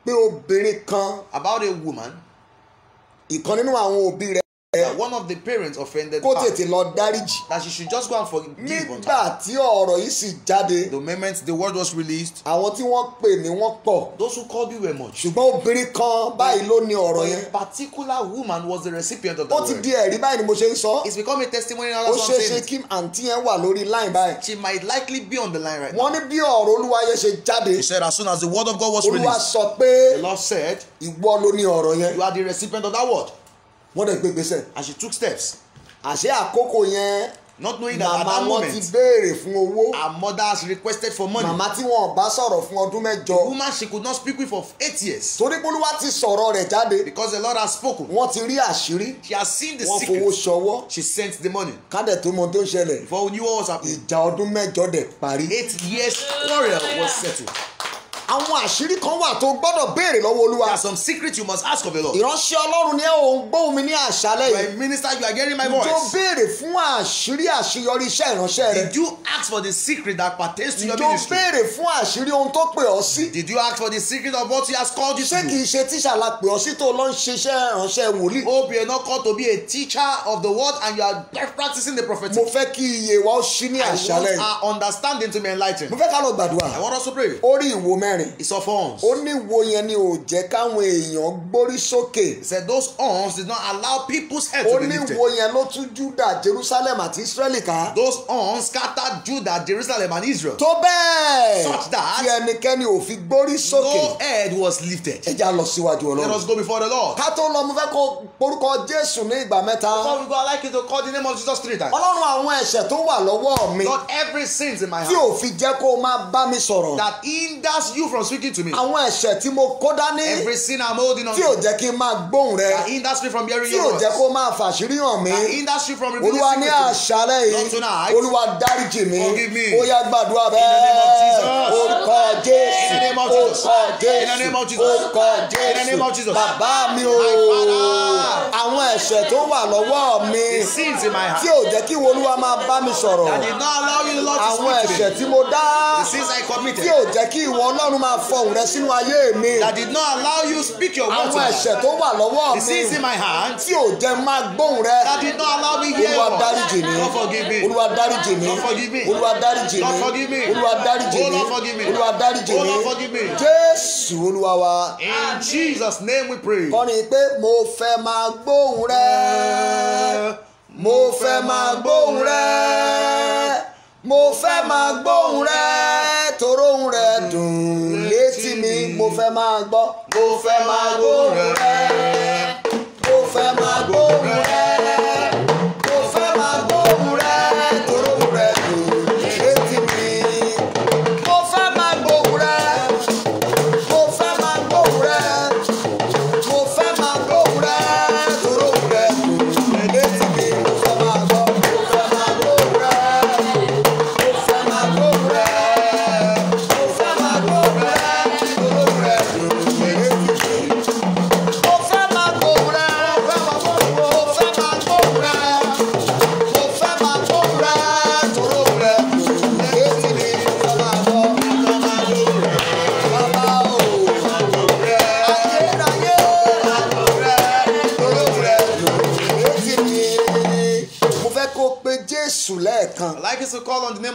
pé obìnrin kan. about a woman. ìkan nínú àwọn òbí rẹ̀. Eh, that one of the parents offended her. kó tètè lọ dáríjì. that she should just go and forgive him. nígbà tí ọ̀rọ̀ yìí sì jáde. the moment the word was released. àwọn tí wọ́n pè ní wọ́n pọ̀. those who called you were much. ṣùgbọ́n obìnrin kan báyìí ló ní ọ̀rọ̀ yẹn. a particular woman was the recipient of that word. ó ti di ẹ̀rí báyìí ni mo ṣe ń sọ. it's become a testimony now ó ṣeé ṣe kí àǹtí yẹn wà lórí line báyìí. she might likely be on the line right now. wọ́n ní bí ọ̀rọ̀ olúwa yẹn ṣe jáde. he said as soon as the word of God was released. olúwa sọ pé. the Lord said. ìwọ ló ní ọ̀rọ̀ yẹn. you are the recipient of that word wọ́n dẹ̀ gbé gbèsè and she took steps. àṣé àkókò yẹn not knowing that at that moment mama ti béèrè fún owó her mother has requested for money mama tí wọn bá sọ̀rọ̀ fún ọdún mẹ́jọ the woman she could not speak with for eight years torí polúwa ti sọ̀rọ̀ rẹ̀ jáde because the lord has spoken wọ́n ti rí àṣírí she has seen the secret wọ́n fowó ṣọwọ́ she sent the money kádẹ̀ tó mọ tó ń ṣẹlẹ̀ before we knew what was happening ìjà ọdún mẹ́jọ dẹ̀ parí eight years quarrel was settled àwọn àṣírí kan wà tó gbọ́dọ̀ béèrè lọ́wọ́ olúwa. there are some secrets you must ask of the lord. ìránṣẹ́ ọlọ́run ni ẹ ò ń gbóhùn mi ní àṣálẹ́ yìí. my minister you are getting my voice. ǹjọ́ béèrè fún àṣírí àṣeyọrí iṣẹ́ ìránṣẹ́ rẹ. did you ask for the secret that pertains to your ministry. ǹjọ́ béèrè fún àṣírí ohun tó pè ọ́ sí. did you ask for the secret of what he has called you to. ṣé kì í ṣe tíṣà la pè ọ́ sí tó lọ ń ṣiṣẹ́ ìránṣẹ́ wòlíì. hope you are not called to be a teacher of the word and you are practicing the prophetic. mo fẹ́ kí iye wa ó ṣí ní àṣálẹ́ I want our understanding to be enlightened. mo fẹ́ I want us to pray. orí ìwo mẹ́rin. he horns. ó ní wo yẹn ni ò jẹ́ káwọn èèyàn gbórí sókè. he said those horns did not allow people's head to be lifted. ó ní wo yẹn ló tún Judah Jerusalem àti Israeli ká. those horns scattered Judah Jerusalem and Israel. tó bẹ́ẹ̀. such that. tí ẹnikẹ́ni ò fi gbórí sókè. no head was lifted. ẹ já lọ síwájú Ọlọ́run. let us go before the Lord. ká tó lọ mo fẹ́ kó porúkọ Jésù ní ìgbà mẹ́ta. before we go I like you to call the name of Jesus three times. Ọlọ́run àwọn ẹ̀ṣẹ̀ tó wà lọ́wọ́ mi. Lord every sin in my heart. tí ò fi jẹ́ kó o máa bá mi sọ̀rọ̀. that hinders you from speaking to me. àwọn ẹ̀ṣẹ̀ tí mo kó dání. every sin I'm holding on to. tí ò jẹ́ kí n máa gbóhùn rẹ. that hinders from hearing your voice. tí ò jẹ́ kó máa fàṣírí hàn mí. that hinders from revealing your secret to me. olúwa ní àṣálẹ̀ yìí olúwa dáríjì mi. forgive me. ó yá gbàdúrà bẹ́ẹ̀. orúkọ jésù orúkọ Jesus. orúkọ jésù bàbá mi o. àwọn ẹ̀ṣẹ̀ tó wà lọ́wọ́ mi. the sins in my heart. tí ò jẹ́ kí olúwa máa bá mi sọ̀rọ̀. that did not allow you to love to speak to me. àwọn ẹ̀ṣẹ̀ tí mo dá. the sins I committed. tí ò jẹ́ kí ìwọ ọlọ́run ọlọ́run máa fọ òun rẹ sínú ayé mi. that did not allow you speak your word to me. àwọn ẹ̀ṣẹ̀ tó wà lọ́wọ́ mi. disease in my hand. tí ò jẹ́ máa gbóhùn rẹ. that did not allow me hear your word. olúwa dáríjì mi. don't forgive me. olúwa dáríjì mi. don't forgive me. olúwa dáríjì oh, mi. don't forgive me. olúwa dáríjì mi. don't forgive me. olúwa dáríjì mi. don't forgive me. jésù olúwa wa. in Jesus name we pray. kọ́ni pé mo fẹ́ máa gbóhùn rẹ. Eh, mo fẹ́ máa gbóhùn rẹ mo fẹ́ máa gbóhùn rẹ toróhùn rẹ dùn létí mi mo fẹ́ máa gbọ́ mo fẹ́ máa gbóhùn rẹ mo fẹ́ máa gbóhùn rẹ.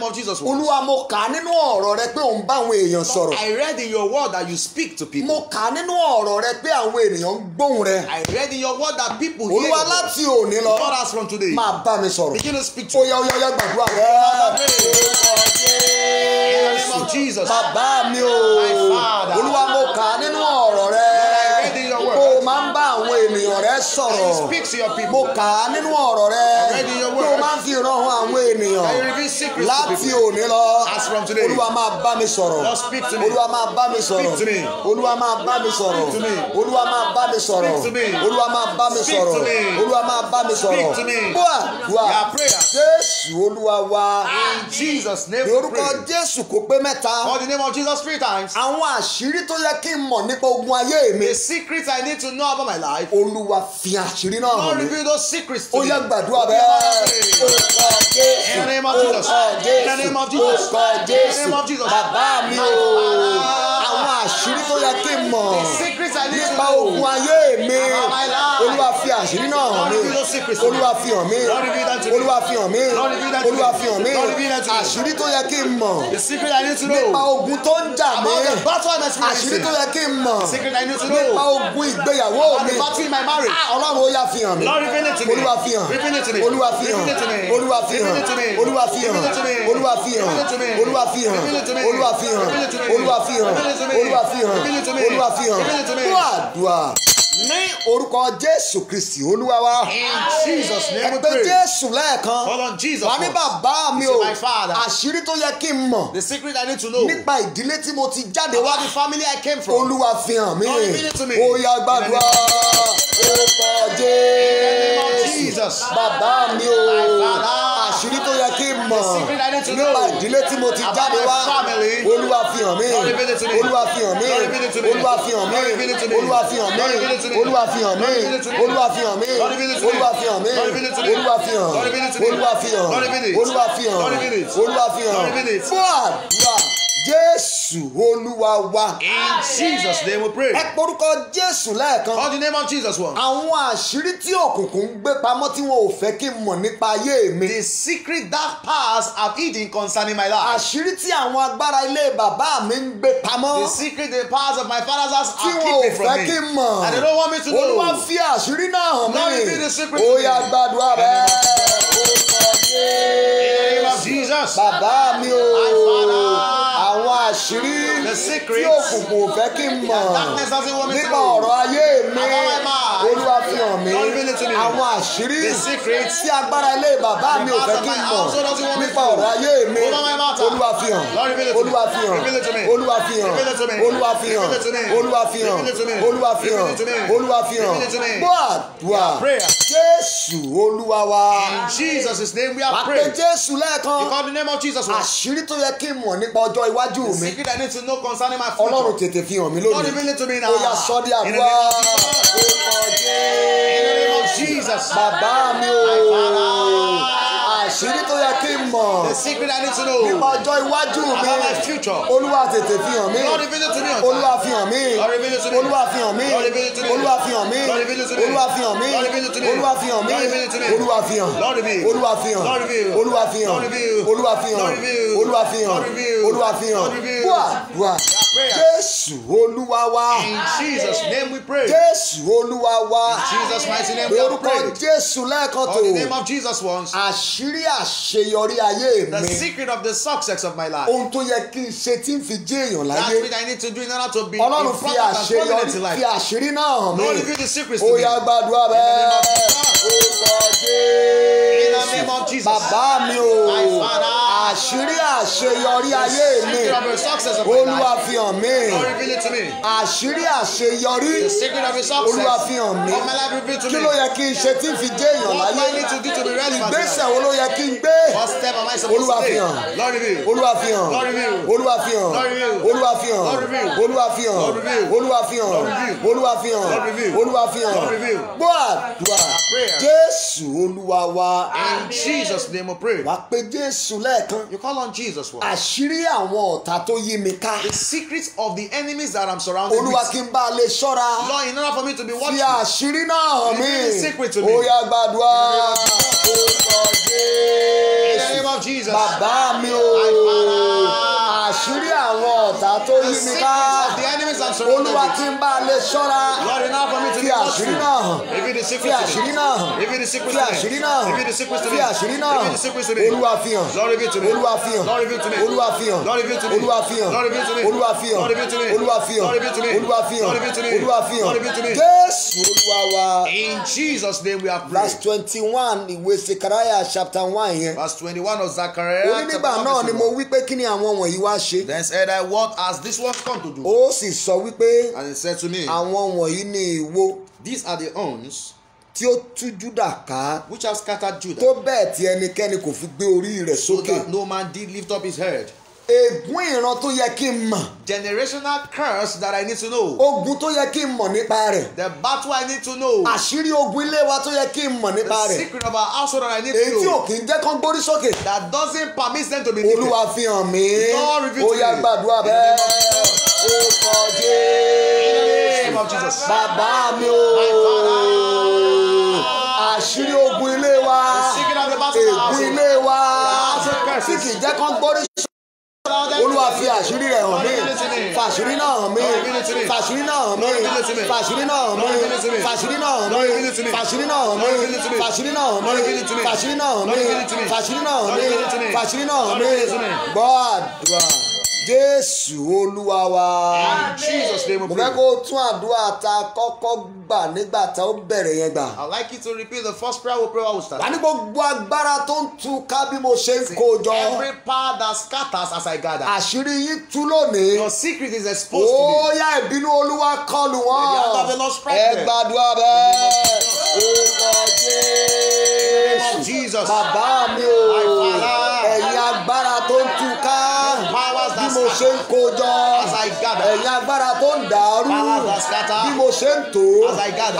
name of Jesus Olúwa mo kà nínú ọ̀rọ̀ rẹ pé ò bá àwọn èèyàn sọ̀rọ̀. I read in your word that you speak to people. Mo kà nínú ọ̀rọ̀ rẹ pé àwọn ènìyàn ń gbóhùn rẹ. I read in your word that people hear you. Olúwa láti òní lọ. God has from today. Máa bá mi sọ̀rọ̀. Begin to speak to me. Oya oya oya gbàdúrà rẹ. In the name of Jesus. Bàbá mi o. My father. Olúwa mo kà á nínú ọ̀rọ̀. sọ̀rọ̀ mo kà á nínú ọ̀rọ̀ rẹ tó máa ń fi ìrọ̀rùn àwọn ènìyàn láti òní lọ olúwa máa bá mi sọ̀rọ̀ olúwa máa bá mi sọ̀rọ̀ olúwa máa bá mi sọ̀rọ̀ olúwa máa bá mi sọ̀rọ̀ olúwa máa bá mi sọ̀rọ̀ olúwa máa bá mi sọ̀rọ̀ bóyá wà jésù olúwa wa lórúkọ jésù kò pé mẹ́ta àwọn àṣírí tó yẹ kí n mọ̀ nípa ogun ayé mi. the secret I need to know about my life. olúwa fi àṣírí náà hàn mí. ó yá gbàdúrà bẹ́ẹ̀. orúkọ jésù orúkọ jésù orúkọ jésù bàbá mi o àwọn àṣírí tó yẹ kí n mọ̀ nípa ogun ayé mi olúwa fi àṣírí náà hàn mí olúwa fi hàn mí olúwa fi hàn mí olúwa fi hàn mí àṣírí tó yẹ kí n mọ̀ nípa ogun tó ń jà mí àṣírí tó yẹ kí n mọ̀ nípa ogun ìgbéyàwó mi ọlọ́run ó yá fi hàn mí olúwa fi hàn olúwa fi hàn olúwa fi hàn olúwa fi hàn olúwa fi hàn olúwa fi hàn olúwa fi hàn olúwa fi hàn olúwa fi hàn olúwa fi hàn fún àdúrà ní orúkọ jésù kristi olúwa wa ẹ pé jésù lẹ́ẹ̀kan wà ní bàbá mi o àṣírí tó yẹ kí n mọ̀ nípa ìdílé tí mo ti jáde wá olúwa fi hàn mí ó yá gbàdúrà orúkọ jésù bàbá mi o àṣírí tó yẹ kí n mọ̀ nípa ìdílé tí mo ti jáde wá olúwa fi hàn mí olúwa fi hàn mí olúwa fi hàn mí olúwa fi hàn mí. olúwa fi hàn mí olúwa fi hàn mí olúwa fi hàn mí olúwa fi hàn olúwa fi hàn olúwa fi hàn olúwa fi hàn fún àdúrà. Jésù Olúwa wa. In Jesus name we pray. Ẹ porúkọ Jésù lẹ́ẹ̀kan. Call the name of Jesus one. Àwọn àṣírí tí òkùnkùn ń gbé pamọ́ tí wọn ò fẹ́ kí n mọ̀ nípa ayé mi. The secret dark powers have hidden concerning my life. Àṣírí tí àwọn agbára ilé bàbá mi ń gbé pamọ́. The secret the powers of my father's house are keeping from me. Tí wọn ò fẹ́ kí n mọ̀. And they don't want me to know. Olúwa fi àṣírí náà hàn mí. Lord reveal the secret to me. Ó yá gbàdúrà rẹ̀. Orúkọ Jésù. In the name of Jesus. Bàbá mi o. My father àwọn àṣírí tí òkùnkùn fẹ́ kí n mọ̀ nípa ọ̀rọ̀ ayé mi olúwa fi hàn mí àwọn àṣírí sí agbára ilé bàbá mi ò fẹ́ kí n mọ̀ nípa ọ̀rọ̀ ayé mi olúwa fi hàn olúwa fi hàn olúwa fi hàn olúwa fi hàn olúwa fi hàn olúwa fi hàn olúwa fi hàn gbọ́ àdúrà jésù olúwa wa wà pé jésù lẹ́ẹ̀kan àṣírí tó yẹ kí n mọ̀ nípa ọjọ́ iwájú mi ọlọ́run tètè fi hàn mí lónìí ó yá sọ́dí àdúrà. Jesus. Baba, àṣírí tó yẹ kí n mọ̀. the secret I need to know. nípa ọjọ́ iwájú mi. about my future. olúwa tètè fi hàn mí. Lord me on time. olúwa fi hàn mí. me. olúwa fi hàn mí. me. olúwa fi hàn mí. me. olúwa fi hàn mí. me. olúwa fi hàn mí. Lord reveal it to me. olúwa fi hàn. Lord reveal. olúwa fi hàn. Lord reveal. olúwa fi hàn. Lord reveal. olúwa fi hàn. Lord reveal. olúwa fi hàn. Lord reveal. olúwa fi hàn. Lord Oluwa, wà wà. Jésù Olúwa wa. In Jesus name we pray. Jésù Olúwa wa. In Jesus mighty name we pray. Orúkọ Jésù lẹ́ẹ̀kan tó. On the Àṣírí àṣeyọrí ayé mi. the secret of the success of my life. ohun tó yẹ kí n ṣe tí n fi jẹ́ èèyàn láyé. that's what I need to do in order to be Ọlọ́run in front of my community life. fi àṣírí náà hàn mí. Lord reveal the secrets to me. ó yá gbàdúrà bẹ́ẹ̀ orúkọ Jésù bàbá mi o àṣírí àṣeyọrí ayé mi Olúwa fi hàn mí àṣírí àṣeyọrí Olúwa fi hàn mí kí ló yẹ kí n ṣe tí n fi jẹ́ èèyàn láyé ìgbésẹ̀ wo ló yẹ kí kí n gbé olúwa fi hàn olúwa fi hàn olúwa fi hàn olúwa fi hàn olúwa fi hàn olúwa fi hàn olúwa fi hàn olúwa fi hàn gbọ́ àdúrà jésù olúwa wa. in jesus name we pray. wàá pe jésù lẹ́ẹ̀kan. you call on jesus once. àṣírí àwọn ọ̀tá tó yí mi ká. the secret of the enemies that i'm surrounded olúwa with. olúwa kí n bá a lè ṣọ́ra. lord in order for me to be watchful. fi àṣírí náà hàn mí. reveal the secret to me. ó yá gbàdúrà. ó sọ jésù. Jesus. Jesus. Babá, meu. Vai parar. àṣírí àwọn ọ̀tá tó yí mi ká olúwa kí n bá a lè ṣọ́ra fi àṣírí náà hàn fi àṣírí náà hàn fi àṣírí náà hàn fi àṣírí náà hàn olúwa fi hàn olúwa fi hàn olúwa fi hàn olúwa fi hàn olúwa fi hàn olúwa fi hàn olúwa fi hàn olúwa fi hàn jésù olúwa wa. in jesus name we are verse twenty-one ìwé sekariah chapter one yẹn. verse twenty-one of zachariah. onígbà náà ni mo wí pé kí ni àwọn wọ̀nyí wá ṣe. then said I what has this one come to do. ó sì sọ wípé. and he said to me. àwọn wọ̀nyí ni ìwo. these are the horns tí ó tú Júdà ká. which has scattered Judah. tó bẹ́ẹ̀ tí ẹnikẹ́ni kò fi gbé orí rẹ̀ sókè. so that no man did lift up his head ègún ìran tó yẹ kí n mọ̀. generational curse that I need to know. ogun tó yẹ kí n mọ̀ nípa rẹ̀. the battle I need to know. àṣírí ogun ilé wa tó yẹ kí n mọ̀ nípa rẹ̀. the secret of our house that I need to know. èyí tí ò kì í jẹ́ kán gbórí sókè. that doesn't permit them to be needed. olúwa fi hàn mí. lord reveal to me. ó yá gbàdúrà bẹ́ẹ̀ ó kọ jésù. bàbá mi o àṣírí ogun ilé wa ègún ilé wa tí kì í jẹ́ kán gbórí sókè. fàṣírí rẹ̀ hàn mí fàṣírí náà hàn mí fàṣírí náà hàn mí fàṣírí náà hàn mí fàṣírí náà hàn mí fàṣírí náà hàn mí fàṣírí náà hàn mí fàṣírí náà hàn mí fàṣírí náà hàn mí fàṣírí náà hàn mí gbọ́ àdúrà. jésù olúwa wa. jesus name we pray. mo fẹ́ kó tún àdúrà ta kọ́kọ́ gbà nígbà tá ó bẹ̀rẹ̀ yẹn gbà. i like you to repeat the first prayer we pray while we start. wà ní gbogbo agbára tó ń tú ká bí mo ṣe ń kó every power that scatters as i gather. àṣírí yín tú lónìí. your secret is exposed to me. ó yá ìbínú olúwa kọlù wọn. the hand of the lord strike ẹ gbàdúrà bẹ́ẹ̀. orúkọ jésù. bàbá mi o. my ṣe ń kó ẹ̀yin agbára tó ń dàrú bí mo ṣe ń tò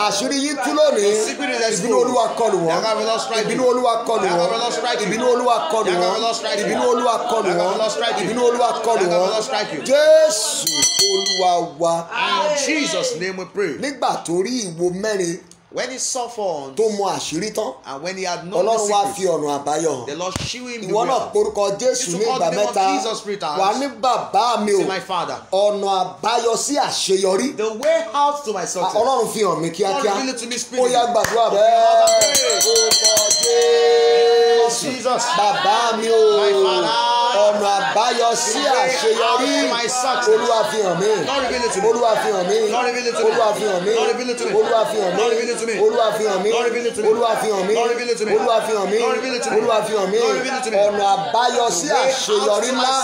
àṣírí yín tú lónìí ìbínú olúwa kọlù wọ́n ìbínú olúwa kọlù wọ́n ìbínú olúwa kọlù wọ́n ìbínú olúwa kọlù wọ́n ìbínú olúwa kọlù wọ́n jésù olúwa wa. in jesus name we pray. nígbà tó rí ìwo mẹ́rin when he suffered. tó mọ àṣírí tán. and when he had no the ọlọ́run wá fi ọ̀nà àbáyọ hàn. the lord show him the way. ìwọ náà porúkọ jésù ní ìgbà mẹ́ta wà ní bàbá mi o. ọ̀nà àbáyọ sí àṣeyọrí. the way out to my success. ọlọ́run fi hàn mí kíákíá. ó yá gbàdúrà bẹ́ẹ̀. bàbá mi o ọ̀nà àbáyọ sí àṣeyọrí olúwa fi hàn mí olúwa fi hàn mí olúwa fi hàn mí olúwa fi hàn mí olúwa fi hàn mí olúwa fi hàn mí olúwa fi hàn mí olúwa fi hàn mí ọ̀nà àbáyọ sí àṣeyọrí ńlá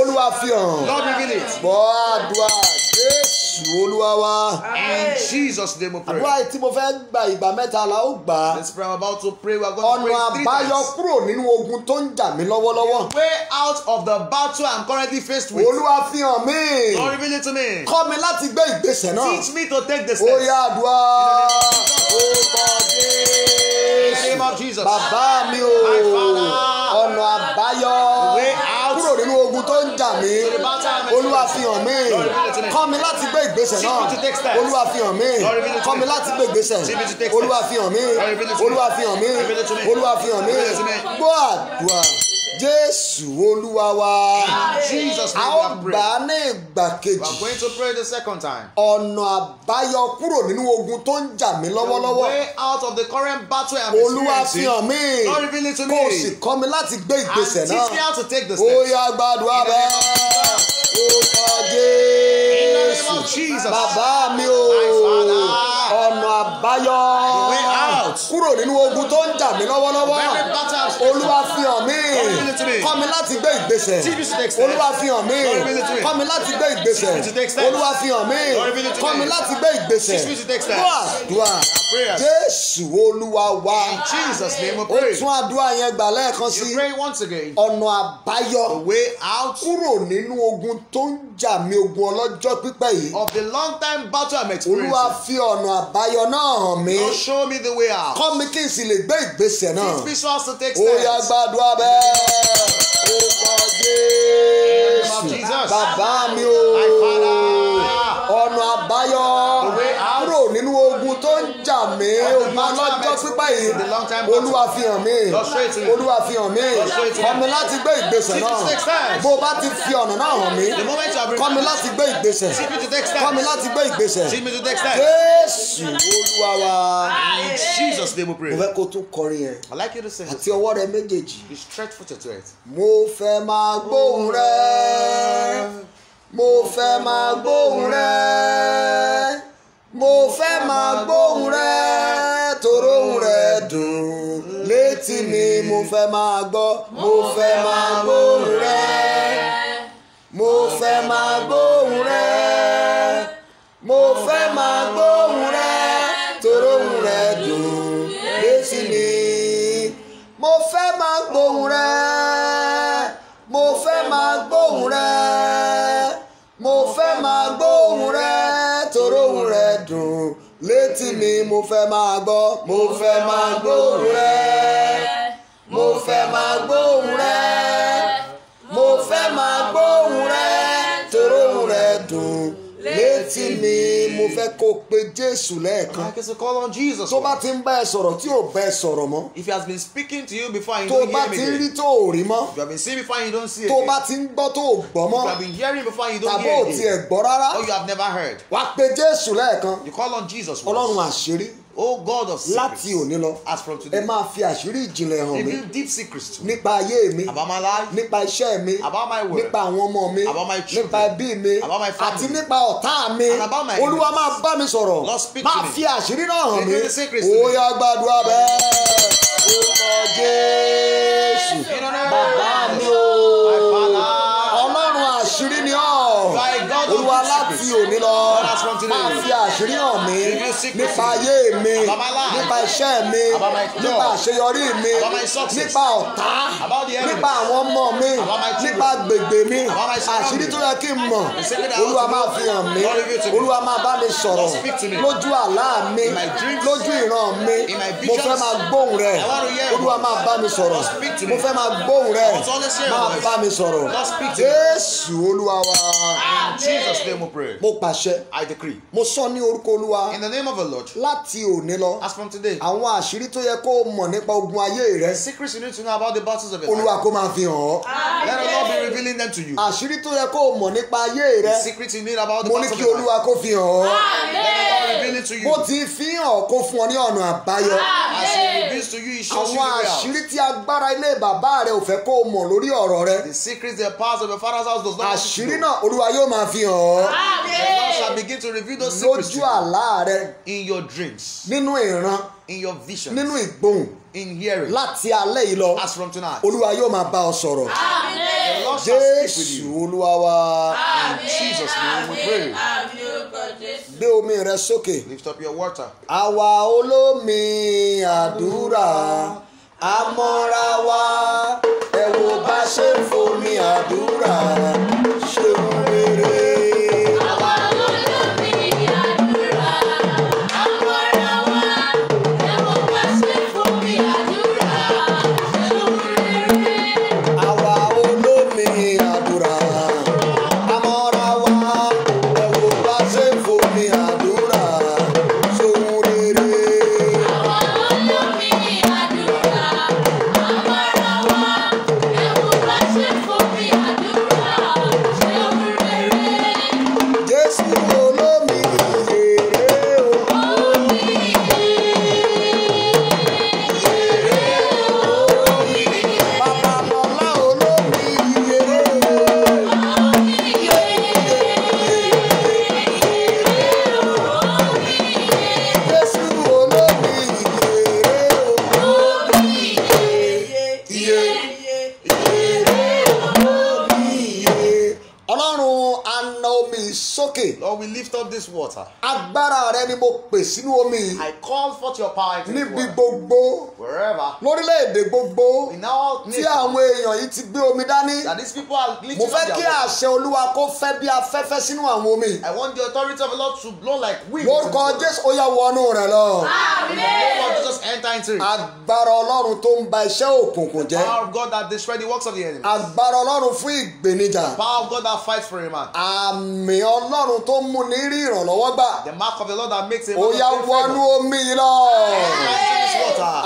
olúwa fi hàn bọ́ àdúrà jésù jésù olúwa wa. in jesus name we pray. àdúrà tí mo fẹ́ gba ìgbà mẹ́ta la ó gbà. this prayer i'm about to pray we are going to pray three times. ọ̀nà àbáyọ kúrò nínú ogun tó ń jà mí lọ́wọ́lọ́wọ́. the way out of the battle i'm currently faced with. olúwa fi hàn mí. God reveal it to me. kọ́ mi láti gbé ìgbésẹ̀ náà. teach me to take the steps. ó yá àdúrà ó kọ́ jésù. bàbá mi o ọ̀nà àbáyọ. the way ogun tó ń jà mí olúwa fi hàn mí kọ́ mi láti gbé ìgbésẹ̀ náà olúwa fi hàn mí kọ́ mi láti gbé ìgbésẹ̀ olúwa fi hàn mí olúwa fi hàn mí olúwa fi hàn mí gbọ́ àdúrà. Jésù Olúwa wa. Jesus we are A ó gbà ní ìgbà kejì. going to pray the second time. Ọ̀nà àbáyọ kúrò nínú ogun tó ń jà mí lọ́wọ́lọ́wọ́. out of the current battle Olúwa fi hàn mí. Lord reveal sì kọ́ mi láti gbé ìgbésẹ̀ náà. Ó yá gbàdúrà bẹ́ẹ̀. Ó yá Jésù bàbá mi o ọ̀nà àbáyọ kúrò nínú ogun tó ń jà mí lọ́wọ́lọ́wọ́ olúwa fi hàn mí kọ́ mi láti gbé ìgbésẹ̀ olúwa fi hàn mí kọ́ mi láti gbé ìgbésẹ̀ olúwa fi hàn mí kọ́ mi láti gbé ìgbésẹ̀ fún àdúrà jésù olúwa wa ó tún àdúrà yẹn gbà lẹ́ẹ̀kan sí ọ̀nà àbáyọ kúrò nínú ogun tó ń jà mí ogun ọlọ́jọ́ pípẹ́ pípẹ́ yìí. of the long time battle I'm experiencing. olúwa fi ọ̀nà àbáyọ náà hàn mí. Lord show me the way out. kọ́ mi kí n sì lè gbé ìgbésẹ̀ náà. teach me so as to take steps. ó yá gbàdúrà bẹ́ẹ̀. ó kọ Jésù. bàbá mi o. my father ọ̀nà àbáyọ kúrò nínú ogun tó ń jà mí ogun ọlọ́jọ́ pípẹ́ yìí olúwa fi hàn mí olúwa fi hàn mí kọ́ mi láti gbé ìgbésẹ̀ náà bó o bá ti fi ọ̀nà náà hàn mí kọ́ mi láti gbé ìgbésẹ̀ kọ́ mi láti gbé ìgbésẹ̀ jésù olúwa wa mo fẹ́ kó tún kọrin yẹn àti ọwọ́ rẹ méjèèjì mo fẹ́ máa gbóhùn rẹ mo fẹ́ máa gbóhùn rẹ mo fẹ́ máa gbóhùn rẹ toróhùn rẹ dùn létí mi mo fẹ́ máa gbọ́ mo fẹ́ máa gbóhùn rẹ. létí mi mo fẹ́ máa gbọ́ mo fẹ́ máa gbóhùn rẹ mo fẹ́ máa gbóhùn rẹ. mo fẹ́ kó pe Jésù lẹ́ẹ̀kan. I can call on Jesus. tó bá ti ń bá ẹ sọ̀rọ̀ tí ò bá sọ̀rọ̀ mọ́. if he has been speaking to you before and you don't hear me. again. tó bá ti rí tó ò rí mọ́. if you have been seeing before and you don't see it. tó bá ti ń gbọ́ tó ò gbọ́ mọ́. if you have been hearing before and you don't hear it. tàbí ò tiẹ̀ gbọ́ rárá. or you have never heard. wàá pe Jésù lẹ́ẹ̀kan. you call on Jesus once. Ọlọ́run àṣírí. O God of secrets. Láti òní lọ. As from today. Ẹ máa fi àṣírí ìjìnlẹ̀ hàn mi. deep secrets to me. Nípa ayé mi. About my life. Nípa iṣẹ́ mi. About my work. Nípa àwọn ọmọ mi. About my children. Nípa ẹbí mi. About my family. Àti nípa ọ̀tá mi. And about my enemies. Olúwa máa bá mi sọ̀rọ̀. Lord speak to me. Máa fi àṣírí náà hàn mi. Reveal the secrets to me. Ó yá gbàdúrà bẹ́ẹ̀. Orúkọ Jésù. Bàbá mi o. Ọlọ́run àṣírí ni ọ́. Olúwa lá láti òní lọ máa fi àṣírí hàn mí nípa ayé mi nípa iṣẹ́ mi nípa àṣeyọrí mi nípa ọ̀tá nípa àwọn ọmọ mi nípa gbègbè mi àṣírí tó yẹ kí n mọ̀ olúwa máa fi hàn mí olúwa máa bá mi sọ̀rọ̀ lójú àlá mi lójú ìran mi mo fẹ́ máa gbóhùn rẹ̀ olúwa máa bá mi sọ̀rọ̀ mo fẹ́ máa gbóhùn rẹ̀ máa bá mi sọ̀rọ̀ jésù olúwa wa. Ah, in Jesus' name we pray declare. mo pàṣẹ. I decree. mo sọ ní orúkọ olúwa. in the name of the Lord. láti òní lọ. as from today. àwọn àṣírí tó yẹ kó mọ̀ nípa ogun ayé rẹ. the secrets you need to know about the battles of your life. olúwa kó máa fi hàn ọ́. let the Lord be revealing them to you. àṣírí tó yẹ kó mọ̀ nípa ayé rẹ. the secrets you need about the battles of your life. mo ní kí olúwa kó fi hàn ọ́. let the Lord reveal it to you. mo ti fi hàn kó fún ọ ní ọ̀nà àbáyọ. as he reveals to you he shows you the way out. àwọn àṣírí tí agbára ilé bàbá rẹ ò fẹ́ kó mọ̀ lórí ọ̀rọ̀ rẹ. the secrets the powers of your father's house does not. àṣírí náà olúwa yóò máa fi hàn ọ́. The Lord shall begin to reveal those secrets to you. In your dreams. Nínú ìran. In your visions. Nínú ìgbóhùn. In hearing. Láti alẹ́ yìí lọ. As from tonight. Olúwa yóò máa bá ọ sọ̀rọ̀. Amen. Lord shall speak with you. Jésù Olúwa wa. In Jesus' name we pray. Gbé omi rẹ sókè. Lift up your water. Àwa olómi àdúrà àmọ́ra wa ẹ wo bá ṣe ń fomi àdúrà. this water. ni mo pè sínú omi I call forth your power into the world. níbi gbogbo. wherever. lórílẹ̀ gbogbo. in all nations. tí àwọn èèyàn yìí ti gbé omi dání. that these people are lifting up their water. mo fẹ́ kí àṣẹ olúwa kó fẹ́ bí afẹ́fẹ́ sínú àwọn omi. I want the authority of the Lord to blow like wind. lórúkọ Jésù ó yá wọnú rẹ lọ. Amen. Lord Jesus enter into it. agbára Ọlọ́run tó ń ba iṣẹ́ òkùnkùn jẹ́. The power of God that destroy the works of the enemy. agbára Ọlọ́run fún ìgbénijà. The power of God that fight for a man. àmì Ọlọ́run tó mú ní rí ìrànlọ́wọ́ gbà. The mark of the Lord that that makes a man of faith. Ó yá wọnú omi yìí lọ.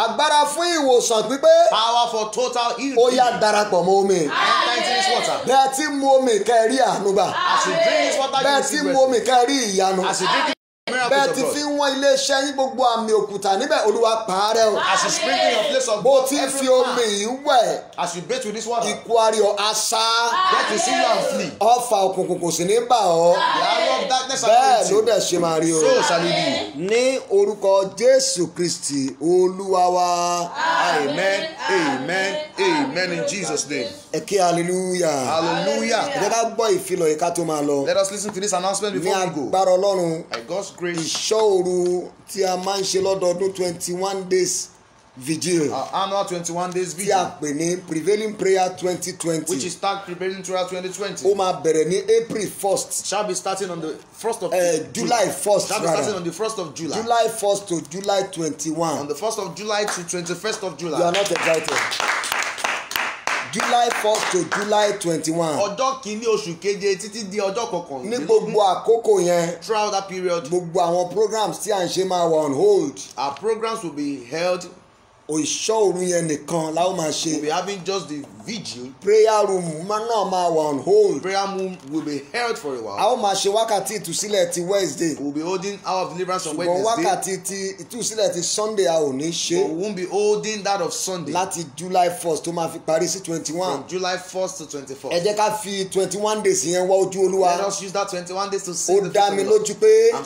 Agbára fún ìwòsàn pípé. Power for total healing. Ó yá darapọ̀ mọ́ omi. Enter this water. Bẹ́ẹ̀ tí mu omi kẹ́ rí àánú gbà. this water, you will see mercy. Bẹ́ẹ̀ tí mu omi kẹ́ ìyanu bẹ́ẹ̀ ti fi ń wọ́n iléeṣẹ́ yín gbogbo àmì òkúta níbẹ̀ olúwa pààrẹ̀ o. as you sprinkle your place of blood everywhere. bó ti fi omi yìí wẹ̀. as you bathe with this water. ikú ariọ̀ asá. death is still and flee. ọfà òkùnkùn kò sí ní bà ọ́. the darkness and plenty. bẹ́ẹ̀ ló dẹ̀ ṣe máa rí o. so shall it be. ní orúkọ jésù kristi olúwa wa. amen amen amen in jesus name ẹ hallelujah hallelujah ẹ gbọ́ ìfilọ̀ yìí ká tó máa lọ let us listen to this announcement before we go ní agbára ọlọ́run by God's grace ìṣọ́ òru tí a máa ń ṣe lọ́dọọdún twenty one days vigil. our annual twenty-one days vigil. tí a pè ní prevailing prayer twenty twenty. which is start prevailing prayer twenty twenty. ó máa bẹ̀rẹ̀ ní april first. shall be starting on the first of. Uh, july first rather shall be starting on the first of july. july first to july twenty-one. on the first of july to twenty-first of july. you are not excited july first to july twenty-one. ọjọ́ kìíní oṣù keje títí di ọjọ́ kọkànlélógún. ní gbogbo àkókò yẹn. throughout that period. gbogbo àwọn programs tí à ń ṣe máa wà on hold. our programs will be held. òṣìṣọ́ òru yẹn nìkan la ó máa ṣe. we will be having just the vigil. prayer room náà máa wà on hold. prayer room will be held for a while. a ó máa ṣe wákàtí ìtúsílẹ̀ ti Wednesday. we will be holding hour of deliverance on Wednesday. ṣùgbọ́n wákàtí ti ìtúsílẹ̀ ti Sunday a ò ní ṣe. but we won't be holding that of Sunday. láti July first tó máa fi parí sí twenty one. from July first to twenty four. ẹ jẹ́ ká fi twenty one days yẹn wá ojú Olúwa. let us use that twenty one days to see the dá mi lójú pé a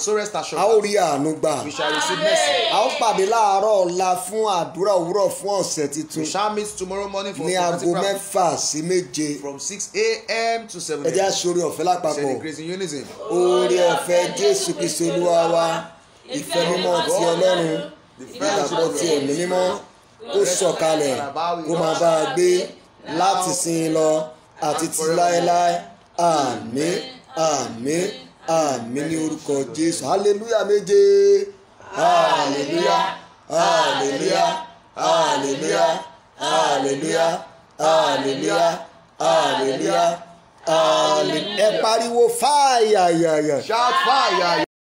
ó rí àánú gbà. we shall receive mercy. a ó pàdé láàárọ̀ ọ̀la fún àdúrà òwúrọ̀ fún ọ̀sẹ̀ tuntun. we shall meet tomorrow morning for prophetic prayer. ní aago mẹ́ mẹ́fà méje. from six a.m. to seven a.m. ẹ jẹ́ aṣọ́rí ọ̀fẹ́ lápapọ̀. send the grace in unison. oore ọ̀fẹ́ jésù kristu olúwa wa ìfẹ́ mímọ́ ti ọlọ́run ìdàpọ̀ ti ẹ̀mí mímọ́ kó sọ̀kalẹ̀ kó máa bá a gbé láti sin lọ àti ti láéláé àmín àmín àmín ní orúkọ jésù hallelujah méje hallelujah hallelujah hallelujah hallelujah hallelujah hallelujah hallelujah ẹ pariwo fáyà yàyà. shout fáyà yàyà.